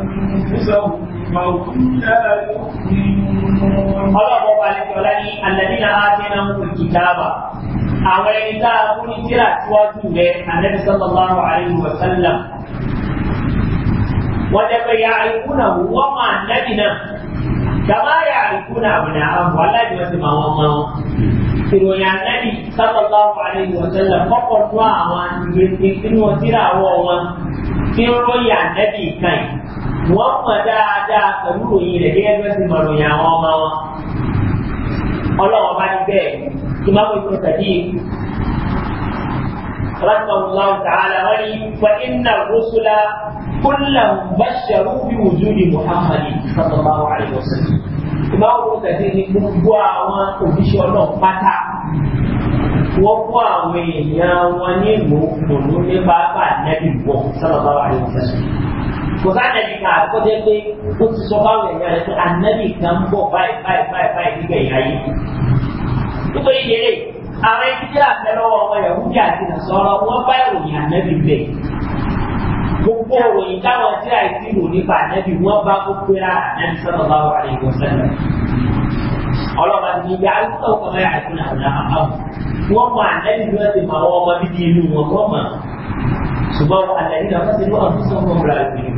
أنفسهم وهم لا يؤمنون الله عليه وسلم الذين آتيناهم الكتاب àwọn ẹni tá a kú ní tíra síwájú rẹ ànábi sallallahu alayhi wa sallam wọn jẹ pé ya àìkúnà wọn máa nábì náà dàbá ya àìkúnà àbùnà àwọn aláìwọ̀sìn máa wọn máa ìròyìn àtẹ́bí sábàbá parí ìwọ̀sẹ̀lẹ̀ kọ́kọ́ tó àwọn ìrètí sínú ọtíra àwọ̀ wọn tí ó ròyìn àtẹ́bí kan yìí wọ́n mọ̀ dáadáa pẹ̀lú ròyìn rẹ̀ gẹ́gẹ́ bẹ́ẹ̀ sì mọ̀ ròyìn àwọn ọmọ wọn. ọlọ́wọ́ bá ní bẹ́ẹ̀ kí má wọ́n ti sàdí رحمه الله تعالى ولي فإن الرسل كلا بشروا بوجود محمد صلى الله عليه وسلم ìbá wo tẹ̀sí ni gbogbo àwọn òṣìṣẹ́ ọlọ́run pátá wọ́n kó àwọn èèyàn wọn ní ìlú òun ní bàbá nẹ́bí wọ̀ sábàbá wà ní ìfẹ́. kò sáà nẹ́bí kan àkọ́jẹ́ pé ó ti sọ báwọn èèyàn rẹ̀ pé ànẹ́bí kan ń bọ̀ báyìí báyìí báyìí báyìí nígbà ìyá yìí. nítorí ìdílé àwọn ẹni tí àtẹ́lọ́wọ́ ọmọ yahoo àti nàṣọ́rọ́ wọ́n bá ìròyìn ànẹ́bí bẹ́ẹ̀ gbogbo òròyìn táwọn tí a ti rò nípa ànábì wọn bá gbogbo ra ànábì sọ́nà bá wà ní ìwọ̀sẹ̀ náà. ọlọ́ba ti yà á sọ ọkọ mẹ́rin àti ọ̀nà àwọn àbáwọ̀ wọ́n mọ ànábì bí wọ́n ti mọ àwọn ọmọ bíbí inú wọn kọ́ mọ̀ ṣùgbọ́n àlàyé náà wọ́n ti lọ́wọ́ tó sọ́kọ̀ ọ̀rọ̀ àgbèrè.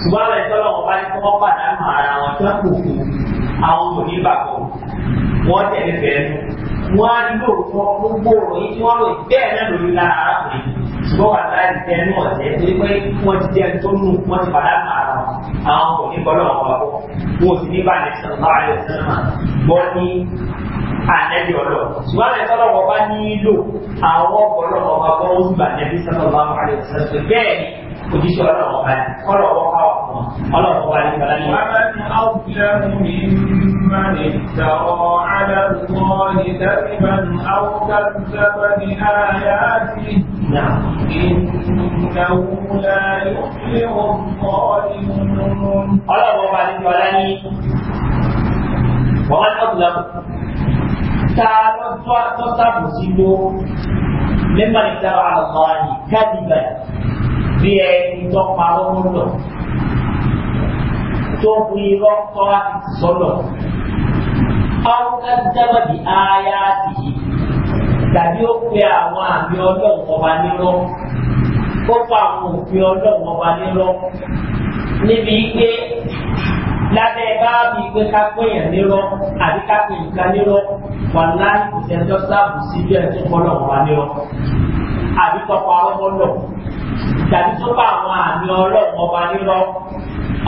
ṣùgbọ́n àwọn ìtọ́lọ̀ wọn bá ní kọ́kọ́ pàdánù ara wọn tó kò fún àwọn oníbàkọ̀ wọ́n tẹ̀lé fẹ́ẹ́ wọ́n á nílò fún gbogbo òròyìn tí wọ́n lò bẹ́ẹ̀ náà lórí lára arákùnrin ṣùgbọ́n wà láì ẹnu ọ̀jẹ́ torí pé wọ́n ti jẹ́ tó nù wọ́n ti padà máa rọ̀ àwọn kò ní bọ́lọ̀ wọn wọ́n wọ́n sì ní báyìí sàn báyìí sàn máa ní ànẹ́bí ọlọ́ ṣùgbọ́n àlẹ́ sọ́lọ́ wọn bá nílò àwọn bọ́lọ̀ wọn bá gbọ́ oṣù ànẹ́bí sàn báyìí sàn bẹ́ẹ̀ ojúṣe ọlọ́wọ́ bá kọ́lọ̀ wọ́n káwọn ọlọ́wọ́ bá من افترى على الله كذبا أو كذب بآياته إنه لا يفلح الظالمون قال الله علي الولاني ومن أظلم تعالوا تصابوا ممن افترى على الله كذبا بأن تقمعوا منه tó bu irọ́ tọ́ láti sọ́lọ̀ aw kadaba bi ayatihi tàbí ó pe àwọn àmì ọlọ́run ọba nírọ́ ó pa àwọn òfin ọlọ́run ọba nírọ́ níbi pé lábẹ́ báàbí pé ká péyàn nírọ́ àbí ká pè nǹkan nírọ́ wà láì kò sẹ́jọ́ sáàbù síbí ẹ̀ tó kọ́ lọ́wọ́ wa nírọ́ àbí tọpa ọlọ́mọlọ tàbí tọpa àwọn àmì ọlọ́mọ ọba nírọ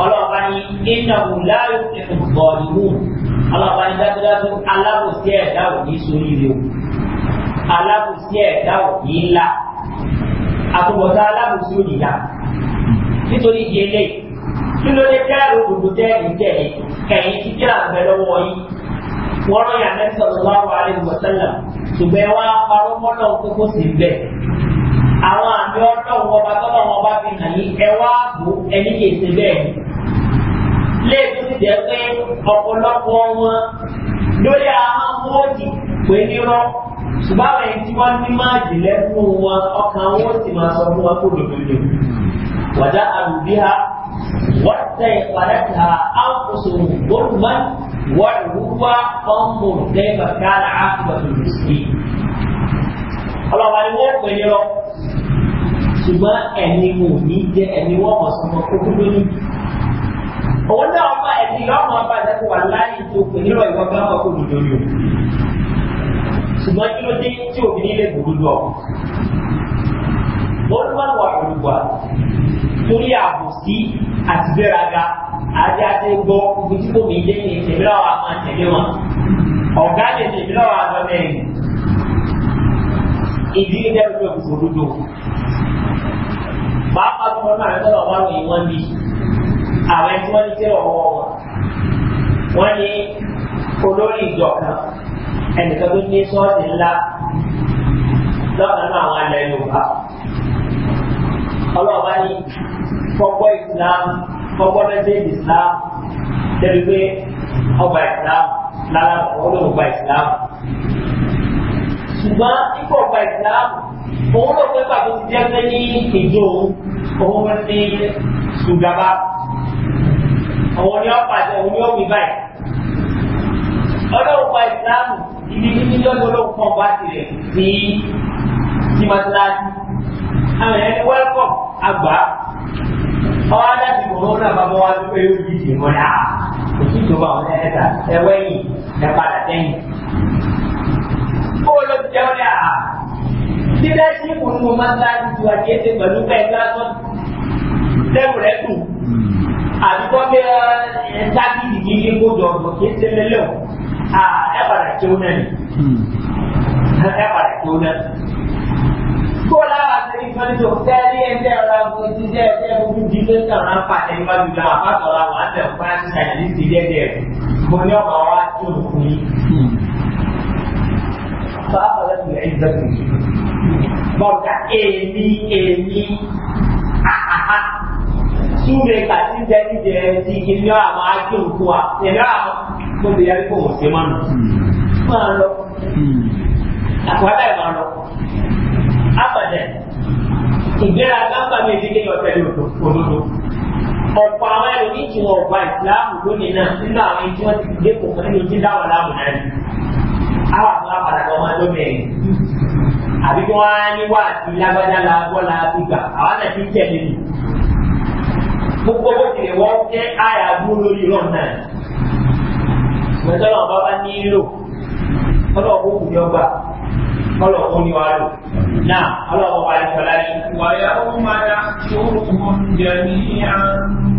ọlọ́ọ̀bá ní iná wùlá ìfún bọ̀ọ̀lù ọlọ́ọ̀bá ní dájúdájú alábòsí ẹ̀dá ò ní sórí rẹ̀ o alábòsí ẹ̀dá ò ní ńlá àtúbọ̀tá alábòsí ò níyà nítorí ìdí eléyìí kí ló dé dáàrú gbogbo tẹ́ẹ̀lì tẹ̀lé ẹ̀yìn tí kí àgbẹ̀ lọ́wọ́ yìí wọ́n rán yàrá sọ̀rọ̀ láwọ̀ àrẹ ìwọ̀sẹ́lẹ̀ ṣùgbọ́n wá parọ́ kókó sí bẹ́ẹ̀ àwọn àmì ọlọ́run ọba tọ́lọ́run ọba fi hàn yín ẹ wá bò ẹni kìí ṣe bẹ́ẹ̀. léèkó ti jẹ́ pé ọ̀pọ̀lọpọ̀ wọn lórí àwọn mọ́ọ̀dì pé nírọ́ ṣùgbọ́n àwọn ẹni tí wọ́n ní máa jì lẹ́nu wọn ọkàn wọn sì máa sọ fún wọn kó lòdòdò. wàdà àlùbíà wọ́n tẹ̀ ìpàdé ta àkóso gbólùmọ́ wọ́n rúwá ọmọ ìdẹ́gbàkárà àkùbà lòdì sí. ọlọ́wà ni wọ́n pè é nírọ́ ṣùgbọ́n ẹni wò ní jẹ ẹni wọ́n mọ̀ sọmọ kókó lónìí. òun náà ọba ẹni lọ́mọ ọba ẹ̀dẹ́kọ̀ wà láàyè tó pè nílò ìwọ bá wọn kò lòdò yòó. ṣùgbọ́n kí ló dé tí òbí nílé gbòòrò lọ. olùwọ́n wà olùwà torí àbòsí àtìgbéraga àti àti gbọ́ ibi tí kò ní dé ní ìtẹ̀lẹ́ àwọn àmọ́ àtẹ̀lé wọn. ọ̀gá lè tẹ̀lé àwọn àlọ́ ìdílé dẹ́rù lọ́wọ́ ìfòdodo pàápàá tó wọn náà tọ́lọ̀ wọn ní wọ́n bí àwọn tí wọ́n ní tẹ́ ọ̀rọ̀ wọn wọ́n ní olórí ìjọ kan ẹnìkan tó ní sọ́ọ̀sì ńlá lọ́kàn náà àwọn alẹ́ yorùbá ọlọ́ọ̀bá ní fọ́gbọ́ islam fọ́gbọ́ mẹ́sẹ̀ẹ́jì islam débi pé ọgbà islam lára olóògbà islam ṣùgbọ́n ikú ọgbà islam. òun ló pẹ́ pàtó ti jẹ́ ni ọ̀pá àti òun ni òun báyìí ọlọ́run pa ìsìláàmù ibi níbi lọ́dún olóhùn kan bá sí sí mọ́tíláàdì àwọn ẹni wẹ́lkọ̀ àgbà ọwọ́ adájú òun náà bá bọ́ wá sí pé yóò di ìṣèwọ́n yá òsì tó bá wọn ẹ̀ẹ́dà ẹ̀wẹ́yìn ẹ̀ padà sẹ́yìn. ó lọ dídá sí kò ní mo máa ń dá ju àjẹsẹ pẹ̀lú bẹ́ẹ̀ lásán lẹ́rù rẹ̀ kù àdúgbò bí ẹ dábì ìdí yé kó jọ ọ̀gbọ̀n kì í ṣe lélẹ̀ o ẹ padà kí ó náà ni ẹ padà kí ó náà. Bọ́lá àti ìfọ̀nìjọ sẹ́ẹ̀lì ẹ̀jẹ̀ ọ̀la ọ̀gbọ̀n ti jẹ́ ẹ̀jẹ̀ ojú di pé sọ̀rọ̀ ń pàṣẹ nípa gbígbà àpapọ̀lá wà á tẹ̀ fún àṣìṣàyàn ní ti dẹ́dẹ̀ rẹ̀ mo ní ọ̀pọ̀ bọ̀dá ahaha èmi àhàhà súre kàti jẹ́nijẹ ti ìlú àwọn ajé òkú wa ìlú àwọn tó lè yẹrí kò wọ́n ṣe máa nù. máa lọ àpáta ẹ̀ máa lọ àpàdé ìgbéra gamba mi ìdílé ọ̀pọ̀ àwọn ẹlòmíì tí wọ́n ìsìláàmù lónìí náà nínú àwọn ẹni tí wọ́n ti dé kò fún ẹni tí dáwọ̀ láàmù náà àbí kí wọ́n á ní wá àti lágbájá la gbọ́ la ti gbà àwọn náà ti tẹ̀lé ni. gbogbo bó tilẹ̀ wọ́n jẹ́ àyà dúró lórí ìrọ̀ náà. ìgbẹ́jọ́ náà bábá ní lò ọlọ́wọ́ kó kù ní ọgbà ọlọ́wọ́ kó ní wa lò. náà ọlọ́wọ́ wa ní sọlá yìí. wàyà ó máa dá tó kún jẹ ní àná.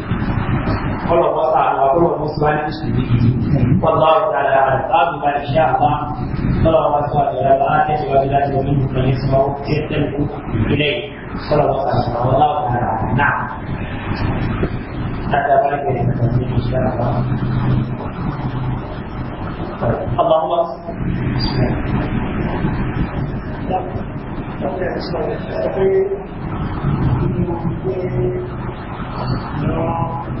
kọlọ̀ bọ́ sáà wà kọlọ̀ bọ́ sí wá ní ìṣòro kọlọ̀ ọ̀tà àrà láàbù bá ìṣẹ́ àbá kọlọ̀ bọ́ sí wà ní ọ̀rọ̀ bá tẹ̀sí wá bílá tí omi nìkan ní sọ tí ó tẹ̀lé kú ilé kọlọ̀ bọ́ sáà sọ̀rọ̀ wọ́n láwù àrà náà. هذا ما يجري ان شاء الله اللهم صل على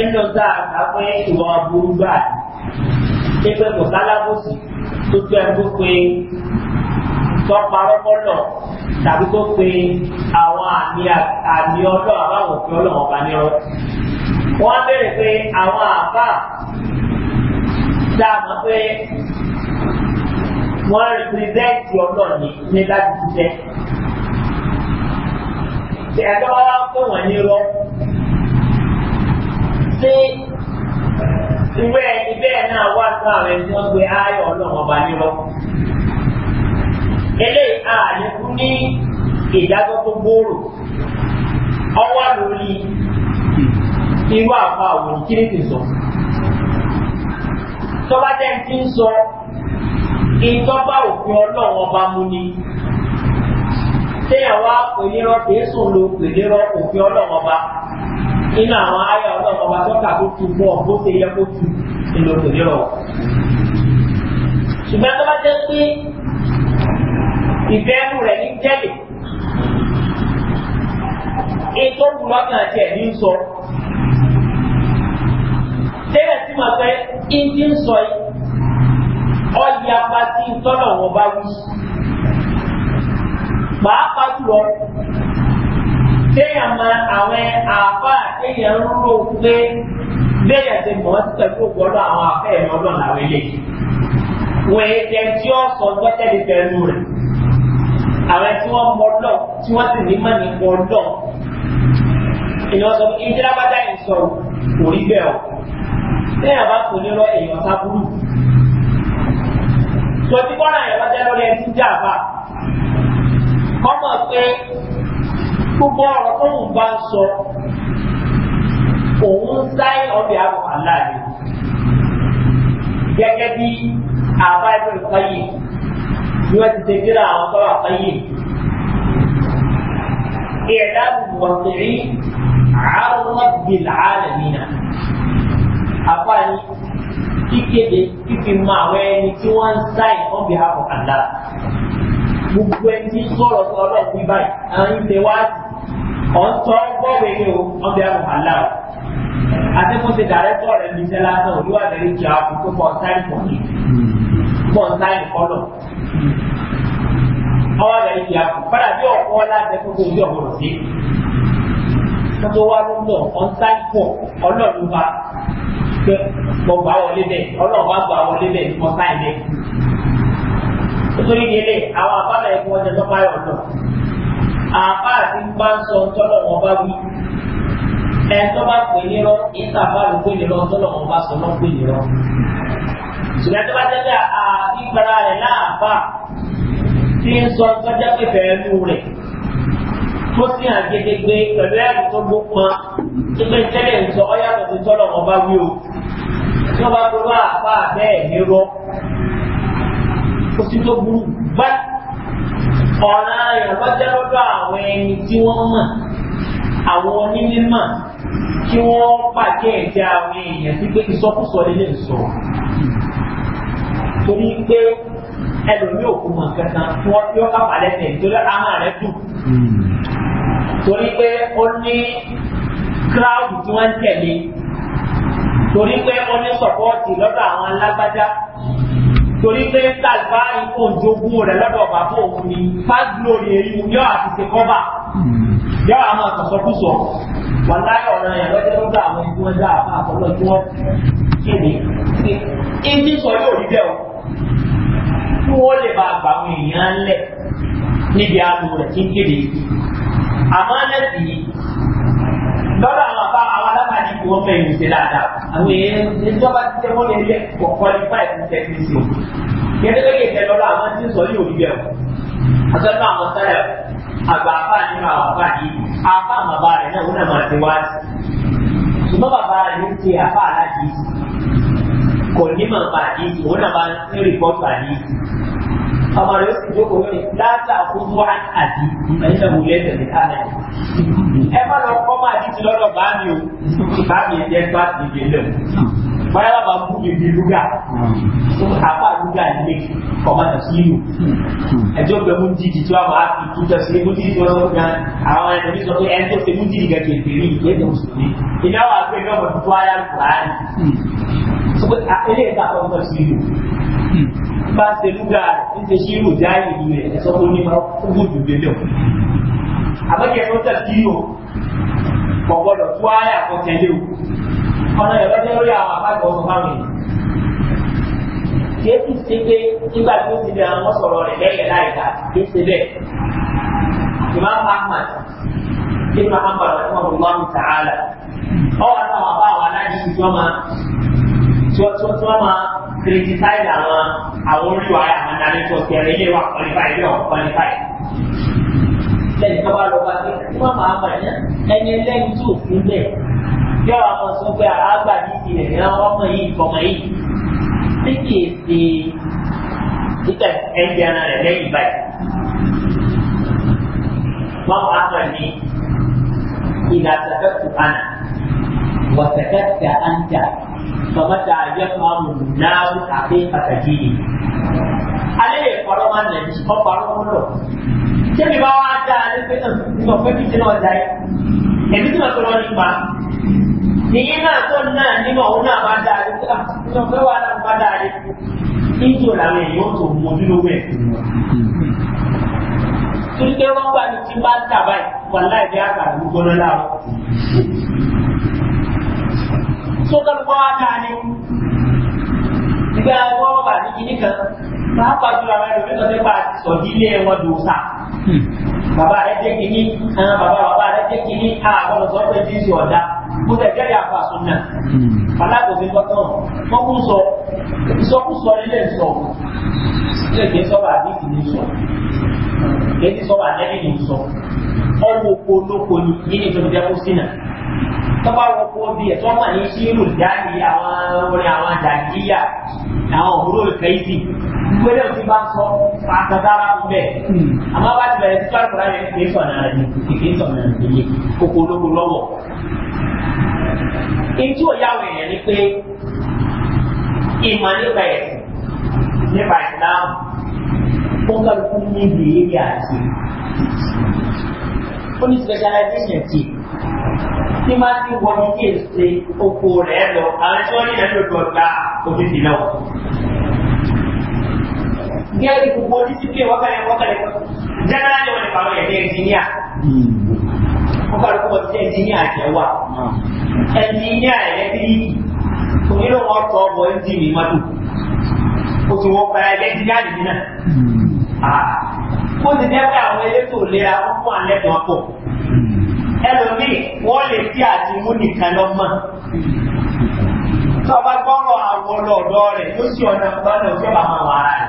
ẹnlọ tá a kà pé ìwà burú gbà ní pé kò sálábòsì tó tó ẹ tó pé tọ́pa rọ́pọ́lọ̀ tàbí tó pé àwọn àmì ọlọ́ àbáwọ̀ òfin ọlọ́wọ̀n bá ní ọrọ̀. wọ́n á bẹ̀rẹ̀ pé àwọn àbá dáàmú pé wọ́n rìpírẹ́ǹtì ọlọ́ ní ní láti ṣiṣẹ́. ẹ̀dọ́ wa láwọn pé wọ́n ní rọ́pù. ṣé ìwé ẹni bẹ́ẹ̀ náà wà sí àwọn ẹni tí wọ́n gbé ayọ̀ ọlọ́run ọba nírọ́ eléyìí àlékún ní ìdájọ́ tó gbòòrò ọwọ́ sọ tọ́ba ti ń sọ ìtọ́ba òfin ọlọ́run ọba mú ni téèyàn nínú àwọn ayé ọlọ́run ọba tọ́ka tó tu bọ́ bó ṣe yẹ kó tu nínú òṣèlú rọ̀. ṣùgbọ́n tó bá jẹ́ pé ìfẹ́rù rẹ̀ ní jẹ́lẹ̀ ètò òwúlọ́kàn tiẹ̀ ní sọ. tẹ́lẹ̀ tí mo pẹ́ ìdí ń sọ yìí ọ̀yà pàtí ìtọ́nà wọn bá wí. téèyàn mọ àwọn àfa téèyàn ń rò pé béèyàn ti mọ̀ ọ́n tẹ̀lé ògbọ́dọ̀ àwọn afẹ́ ìmọ̀ọ́dọ̀ làwọn eléyìí. wọ́n yé tẹ tí ó sọ gbẹ́tẹ̀lé pẹ̀lú rẹ̀ àwọn tí wọ́n mọ lọ tí wọ́n sì ní mọ̀ ní mọ̀ lọ. ìnáwó ìdílábàdà yìí sọ kò rí bẹ́ẹ̀ o téèyàn bá kò ní lọ èèyàn sábúrú. tòtí bọ́lá yẹn lọ́jọ́ lórí ẹni tí ń jà bá kọ́mọ̀ pé gbogbo ọ̀rọ̀ tó ń bá ń sọ òun sáyé ọbẹ̀ àwọn aláàbẹ̀ gẹ́gẹ́ bí àbá ẹgbẹ́ ìfáyè ni wọ́n ti ṣe kíra àwọn tó wà ìyẹ̀dá gbogbo ọ̀sẹ̀rí àárọ̀ bìlà àlẹ̀ nínà àbá ni kíkéde kíkì mọ àwọn ẹni tí wọ́n ń sáyé ọbẹ̀ àwọn aláàbẹ̀ gbogbo ẹni tí sọ̀rọ̀ sọ ọlọ́run bí báyìí àwọn ìṣe wá ọ̀tọ̀ bọ́ọ̀wé ni o wọ́n bẹ àwọn àlá o àti kó ṣe dàrẹ́tọ̀ rẹ̀ ní iṣẹ́ lásán òní wà lẹ́yìn ìjà àkókò pọ̀ntáì pọ̀nì pọ̀ntáì kọ́lọ̀ ọwọ́ lẹ́yìn ìjà àkókò padà bí ọ̀pọ̀ láti ẹ̀kọ́ tó ń bí ọ̀pọ̀ sí tó wá lọ́dọ̀ pọ̀ntáì pọ̀ ọlọ́run bá gbọ́ gbà wọlé bẹ́ẹ̀ ọlọ́run bá gbà wọlé bẹ́ẹ̀ pọ̀ntáì bẹ́ẹ̀ nítorí délé àwọn àbálà ẹ̀kọ́ ọjà tó báyọ̀ lọ àbá àti bá ń sọ tọ́lọ̀ wọn bá wí ẹ tó bá pè ní lọ ìtàbá ló pè ní lọ tọ́lọ̀ wọn bá sọ náà pè ní lọ. ṣùgbọ́n tó bá jẹ́ pé àgbàrá rẹ̀ láàbà tí ń sọ tọ́jà pé fẹ́ẹ́lú rẹ̀ tó sì hàn gédégbé pẹ̀lú ẹ̀rù tó gbópọn tó pé tẹ́lẹ̀ ń sọ ọ́yàtọ̀ tó tọ́lọ̀ wọn bá wí o. tó bá gbogbo kò sí tó burú bá ọ̀nà ayọ̀ lọ́jọ́ lọ́dọ̀ àwọn ẹni tí wọ́n mọ̀ àwọn onímọ̀ kí wọ́n pàdé ẹ̀jẹ̀ àwọn èèyàn sí pé ìsọkúsọ nílé ìsọ. torí pé ẹlòmí òkú mọ̀ kankan tí wọ́n yọ kápá lẹ́sẹ̀ nítorí àwọn rẹ̀ dùn. torí pé ó ní kíláàdù tí wọ́n ń tẹ̀lé torí pé ó ní sọ̀pọ́ọ̀tì lọ́dọ̀ àwọn alágbájá torí pé tàgbà ikọ̀ òjògùn rẹ̀ lọ́dọ̀ bàbá òun ni fáglórí èyí yọ́ àti ṣe kọ́bà yọ́ àwọn àtọ̀sọ́kùsọ̀ wà láyé ọ̀rọ̀ yẹn lọ́jọ́ tó dá àwọn ikú ẹja àbá àtọ́lọ́ tí wọ́n kéde ìdí sọ yóò rí bẹ́ẹ̀ o kí wọ́n lè bá àgbà àwọn èèyàn lẹ̀ níbi àánú rẹ̀ tí ń kéde àmọ́ ẹ̀sìn lọ́dọ̀ àwọn àbá kí wọ́n fẹ́ ìrìnsẹ̀ dáadáa àwọn èèyàn níjọba ti tẹ́ wọ́n lè rí ẹ̀kọ́ qualify fún tẹ́kínísì gẹ́gẹ́gẹ́ ìtẹ́ lọ́la àwọn tí ń sọ ní òbí bẹ̀rù àtọ́jú àwọn sẹ́lẹ̀ àgbà afá nínú àwọn afá yìí afá màbá rẹ̀ náà wọ́n náà máa ti wá sí ṣùgbọ́n bàbá rẹ̀ ní ti afá aláàjì kò ní màbá àdìsí wọ́n náà máa ń rìpọ́tù àdìsí ọmọ rẹ̀ ó sì jókòó lónìí láti àkóso àdìsí ẹ̀yìn náà wò ẹ má lọ kọ́ máa di ti lọ́dọ̀ bá mi o bá mi ẹ̀ jẹ́ bá ti gbé lẹ̀ báyà bàbá kú mi bí lúgà àbá lúgà ilé ọmọ náà sí ìlú ẹjọ́ pé mú jíjì tí wọ́n máa fi tútọ́ sí mú jíjì wọn sọ gan àwọn ẹni sọ pé ẹni tó ṣe mú jíjì gẹ̀gẹ̀ ìbéèrè ìgbẹ́jọ mùsùlùmí ìyá wa pé ẹgbẹ́ ọmọ tuntun ayá kùránì sọ pé eléyìí ah, tá a fọ́ sí ìlú bá ṣe lúgà ń ṣe sí ìlú jáì ìlú rẹ̀ ẹ̀sọ́ tó ní máa kú gbòdùgbé lẹ́wọ̀n àbẹ̀kẹ̀kọ́ tẹ̀síì o kò gbọdọ̀ tó ayé àkọtẹ̀lé o ọ̀nà ìrọ́jẹ́ lórí àwọn àbájọ ọ̀sán fáwọn èèyàn kéékì ṣe pé nígbà tó ti di àwọn sọ̀rọ̀ rẹ̀ lẹ́yìn láìka kéé ṣe bẹ́ẹ̀ ìmáà ahmad ìmáà ahmad ọ̀sán ọ̀sán ọ̀sán tààlà ọ̀wọ́ àtàwọn àbá àwọn aláàjì tí wọ́n máa tí wọ́n máa kìrìtìsáì àwọn àwọn olùwà àwọn àdáni tó ṣẹlẹ̀ ilé wa kọ́lífà ilé ọ̀ kọ́lífà lẹ́yìn tó bá lọ bá dé tí wọ́n máa mọ̀ ẹ́ ẹni ẹlẹ́yìn tó fi lẹ̀ yọ àwọn sọ pé àgbà níbi rẹ̀ ní àwọn ọmọ yìí ìfọmọ yìí tí kì í ṣe nígbà ẹ̀jẹ̀ ara rẹ̀ lẹ́yìn báyìí. wọ́n máa mọ̀ ní ìlà tẹ̀fẹ́tù àná wọ̀tẹ̀fẹ́tù àńjà tọ́mọ́tà àjẹpọ̀ náà àti pàtàkì yìí. alẹ́ ìfọ̀rọ̀mọ́ nàìjíríà ọ̀pọ̀ àrùn mọ́lọ̀ sẹ́mi bá wá dá a lé pé ǹkan pé kìí ṣe náà dá yẹ ẹ̀mí tí wọ́n tó lọ nípa nìyí náà tó náà nímọ̀ òun náà bá dá a lé ah, pé ǹkan pé wà láwọn bá dá a lé níjó làwọn èèyàn tó mú ojú lówó ẹ̀ torí pé wọ́n gbà ní tí bá ń tà báyìí wà láì àgbà ló gbóná láàrọ̀ sókè ló wá dá a lé nígbà wọ́n wà ní kíní kan pàápàá jùlọ àwọn ẹlòmíín tó ti pa sọ̀dílé wọn dùn sá. Hmm. bàbá rẹ jẹ́ kínní àwọn bàbá bàbá rẹ jẹ́ kínní àwọn ọ̀sán pé ti ń ṣe ọ̀dà mo tẹ̀ jẹ́rìí àpá sunna hmm. alákòóso tọ́tàn wọ́n kún sọ ìsọkúsọ nílé sọ ilé ìgbé sọ́ba àdìsí ní sọ èyí sọ́ba àdìsí ní sọ ọ̀wọ́ polóko ní ní ìjọba ìjẹ́kú sínà tọ́ba wọ kó bí ẹ̀ tọ́mọ̀ ní ṣírù jáde àwọn orin àwọn jàdíyà àwọn òwúrò ìfẹ́yìsì gbẹ́dẹ̀ tí bá ń sọ àtàdára ń bẹ̀. àmọ́ bá ti bẹ̀rẹ̀ sípàlù kọ́ra yẹn kì í sọ̀nà rẹ̀ kì í sọ̀nà rẹ̀ yé kókó olóko lọ́wọ́. ètò ìyáwó èèyàn ni pé ìmọ̀ nípa ẹ̀sìn nípa ìsìláàmù ó kálukú níbi eré àti ó ní specialization tí máa ti wọ ní kí èsè oko rẹ̀ lọ àwọn tí wọ́n ní ìdánilòdò ọ̀gá òfìsì náà. Gẹ́gẹ́ bí gbogbo oníṣìkè wọ́kàlẹ̀ wọ́kàlẹ̀ jẹ́nà ni wọ́n lè pàrọ̀ ẹ̀dẹ́ ẹnjìníà. Wọ́kàlẹ̀ kọ́ ẹnjìníà jẹ́ wà. Ẹnjìníà kò nílò wọn tọ́ mọ́tò. O hmm. ah. ti wọ́n para náà. Ó ti pé àwọn elétò ìlera fún àlẹ́ ẹlòmíì wọ́n lè tí àti mú nìkan lọ́mọ tó bá gbọ́rọ̀ àwọn ọlọ́ọ̀dọ́ rẹ̀ yóò sì ọ̀nà gbọ́nà tí ó bá máa wà rẹ̀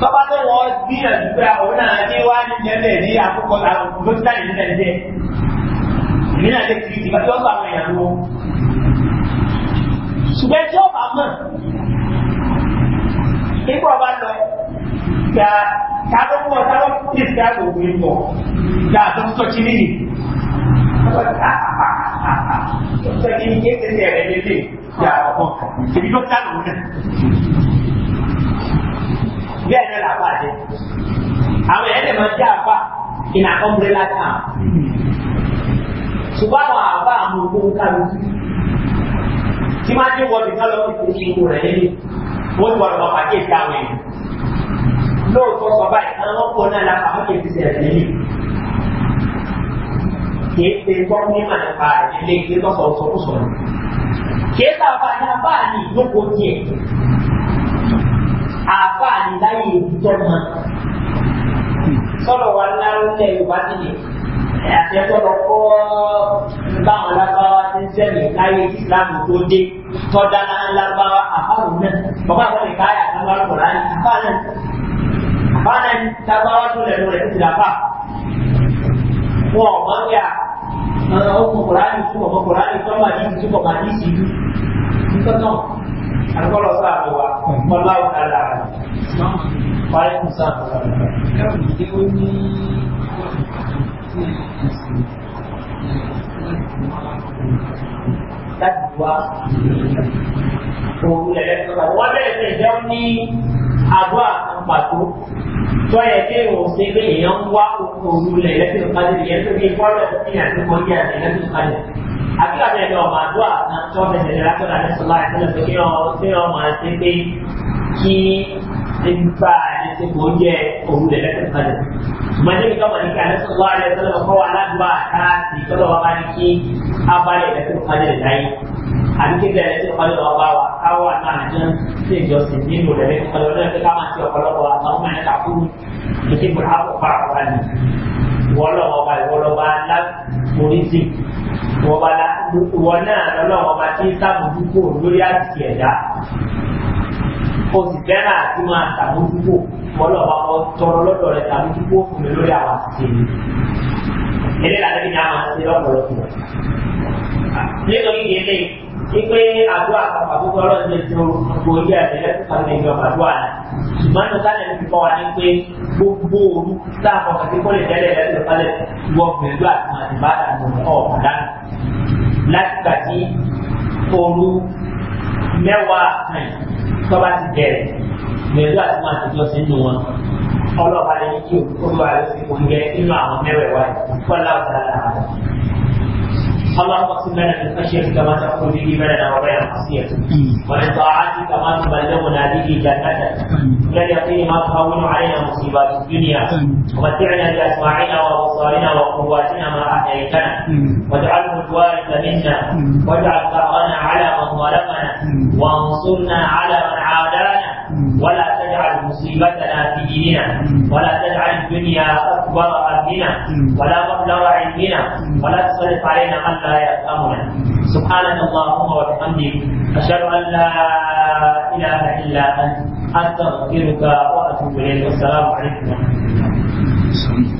bàbá tó wọ́n gbìyànjú pé àwọn náà ní wá ní jẹ́lẹ̀ ní àkókò àkókò tí táyì nílẹ̀ jẹ́ ìní náà lè kiri ìgbà tí wọ́n àwọn èèyàn ṣùgbọ́n tí bá mọ̀ ipò ọba lọ Ya, kalau ga kuma ta ga iska da wurin ko da sun so ci ni ta ki ke ta ya ko ki bi ta ga wurin ya ne la ba je àwọn ẹ̀rẹ́ máa jẹ́ àbá ìnà ọmọdéla kan ṣùgbọ́n àwọn àbá àwọn ogun kálu tí máa ń dé wọ́ọ̀dù ká lọ́wọ́ lóòótọ́ sọ báyìí àwọn ọkọ̀ náà la àwọn kì í fi ṣẹlẹ̀ lẹ́yìn. kìí ṣe gbọ́ mímọ̀ nípa ilé ìgbé tó sọ̀rọ̀ sọ̀rọ̀ sọ̀rọ̀. kìí ṣe àǹfààní àbáàní ìjókòó tiẹ̀. àbáàní láyé ìdútọ́ mọ́. sọ̀rọ̀ wa ńlá ń tẹ̀ yorùbá sílẹ̀ àti ẹgbẹ́ lọ kọ́ báwọn lábáwá ti ń sẹ́yìn láyé ìsìlámù tó dé tọ́jà lábáwá àbáwò náà bàbá àwọn ìkáyà àbáwò rà àbáwò náà báńdà tábáwá tó lẹ́nu rẹ̀ ti dàpá wọn ò máa ń yà ọkùn kùránì tí kò mọ kùránì tó máa yìí tí kò máa yìí sí nítorí náà àdúgbò lọ sọ àbẹ̀wò àkọlá ọ̀kadà parí kù sáà ọ̀kadà. káwọn ìdílé ó ní ọ̀rọ̀ ìpàdé tí a ti sè é láti máa ń láti bu wa òru lẹ̀ lẹ́sọ̀ rẹ̀ wọ́n bẹ̀rẹ̀ sí ìjẹun ní àgọ́ àwọn pàtó tó yẹ kí o ṣe pé èèyàn ń wá òru lẹ̀ lẹ́sọ̀ kalẹ̀ lẹ́sọ̀ bí ìfọ́lọ̀ ìyàn tó kọjá lẹ́sọ̀ kalẹ̀ àbí àti ẹ̀dọ̀ ọ̀mà àdúrà náà tó ọ̀fẹsẹ̀ lè látọ̀ náà lẹ́sọ̀ láì sílẹ̀ pé kí ọmọ ṣe pé kí nípa àdéṣepọ̀ oúnjẹ òun lè lẹ́sẹ̀ sọ́dẹ̀. Mọ̀lẹ́ mi kọ́ mọ̀lẹ́ kí àdéṣepọ̀ wà lẹ́sẹ̀ lọ́wọ́ kọ́ wa ládùúgbà káàkiri tó lọ́wọ́ bá ní kí abalẹ̀ lẹ́sẹ̀ sọ́dẹ̀ láyé. Àbí kí bẹ́ẹ̀ lẹ́sẹ̀ sọ́dẹ̀ lọ́wọ́ bá wa káwọ́ àná àjọ ṣe ìjọsìn nínú lẹ́sẹ̀ sọ́dẹ̀ lọ́wọ́ pé ká máa ṣe ọ̀pọ̀lọpọ̀ àwọn ọmọ ẹ̀ kàkúrú ìdíbò àkọ́kọ́ àwọn àná. Wọ́lọ́ ìwọ náà lọ́lọ́wọ́ bá ti ń sàmójúkò lórí àtìkì ẹ̀dá o sì fẹ́ràn àti máa sàmójúkò ọlọ́wọ́ ọ tọrọ lọ́dọ̀ rẹ sàmójúkò fún mi lórí àwọn àtìkì mi eléyà lẹ́yìn ní a máa ṣe lọ́pọ̀lọpọ̀ nítorí ilé ipe àdúrà àkókò ọlọ́dún tó gbogbo orí àtẹ̀lẹ́ tó kàwé ìjọba àdúrà náà ṣùgbọ́n tó sáré ní fífọ́ wa ní pé gbogbo olú sáà kọ̀ọ̀kan tí kò lè tẹ́lẹ̀ lẹ́sẹ̀ fálẹ̀ wọ́n gbẹ̀dọ̀ àti màtìmáàdà ní ọ̀ọ́dà láti gbà tí ooru mẹ́wàá kan tọ́ba ti bẹ̀rẹ̀ gbẹ̀dọ́ àti wọn àti ìjọsìn nù wọn ọlọ́ọ̀bá lè ní kí olùkọ́ bá yọ sí oúnjẹ nínú àwọn mẹ́wẹ̀ẹ́wá yìí wọ́n láwùjọ àlàáfíà. اللهم اقسم لنا من خشيتك ما تحكم به بيننا وبين معصيتك ومن طاعتك ما تبلغنا به جنتك من اليقين ما تهون علينا مصيبات الدنيا ومتعنا باسماعنا وابصارنا وقواتنا ما احييتنا واجعله الوارث منا واجعل ثارنا على من ظلمنا وانصرنا على من عادانا ولا تجعل مصيبتنا في ديننا ولا تجعل الدنيا أكبر همنا ولا مبلغ علمنا ولا تسلط علينا من لا يفهمنا سبحانك اللهم وبحمدك أشهد أن لا إله إلا أنت أستغفرك وأتوب إليك والسلام عليكم ورحمة الله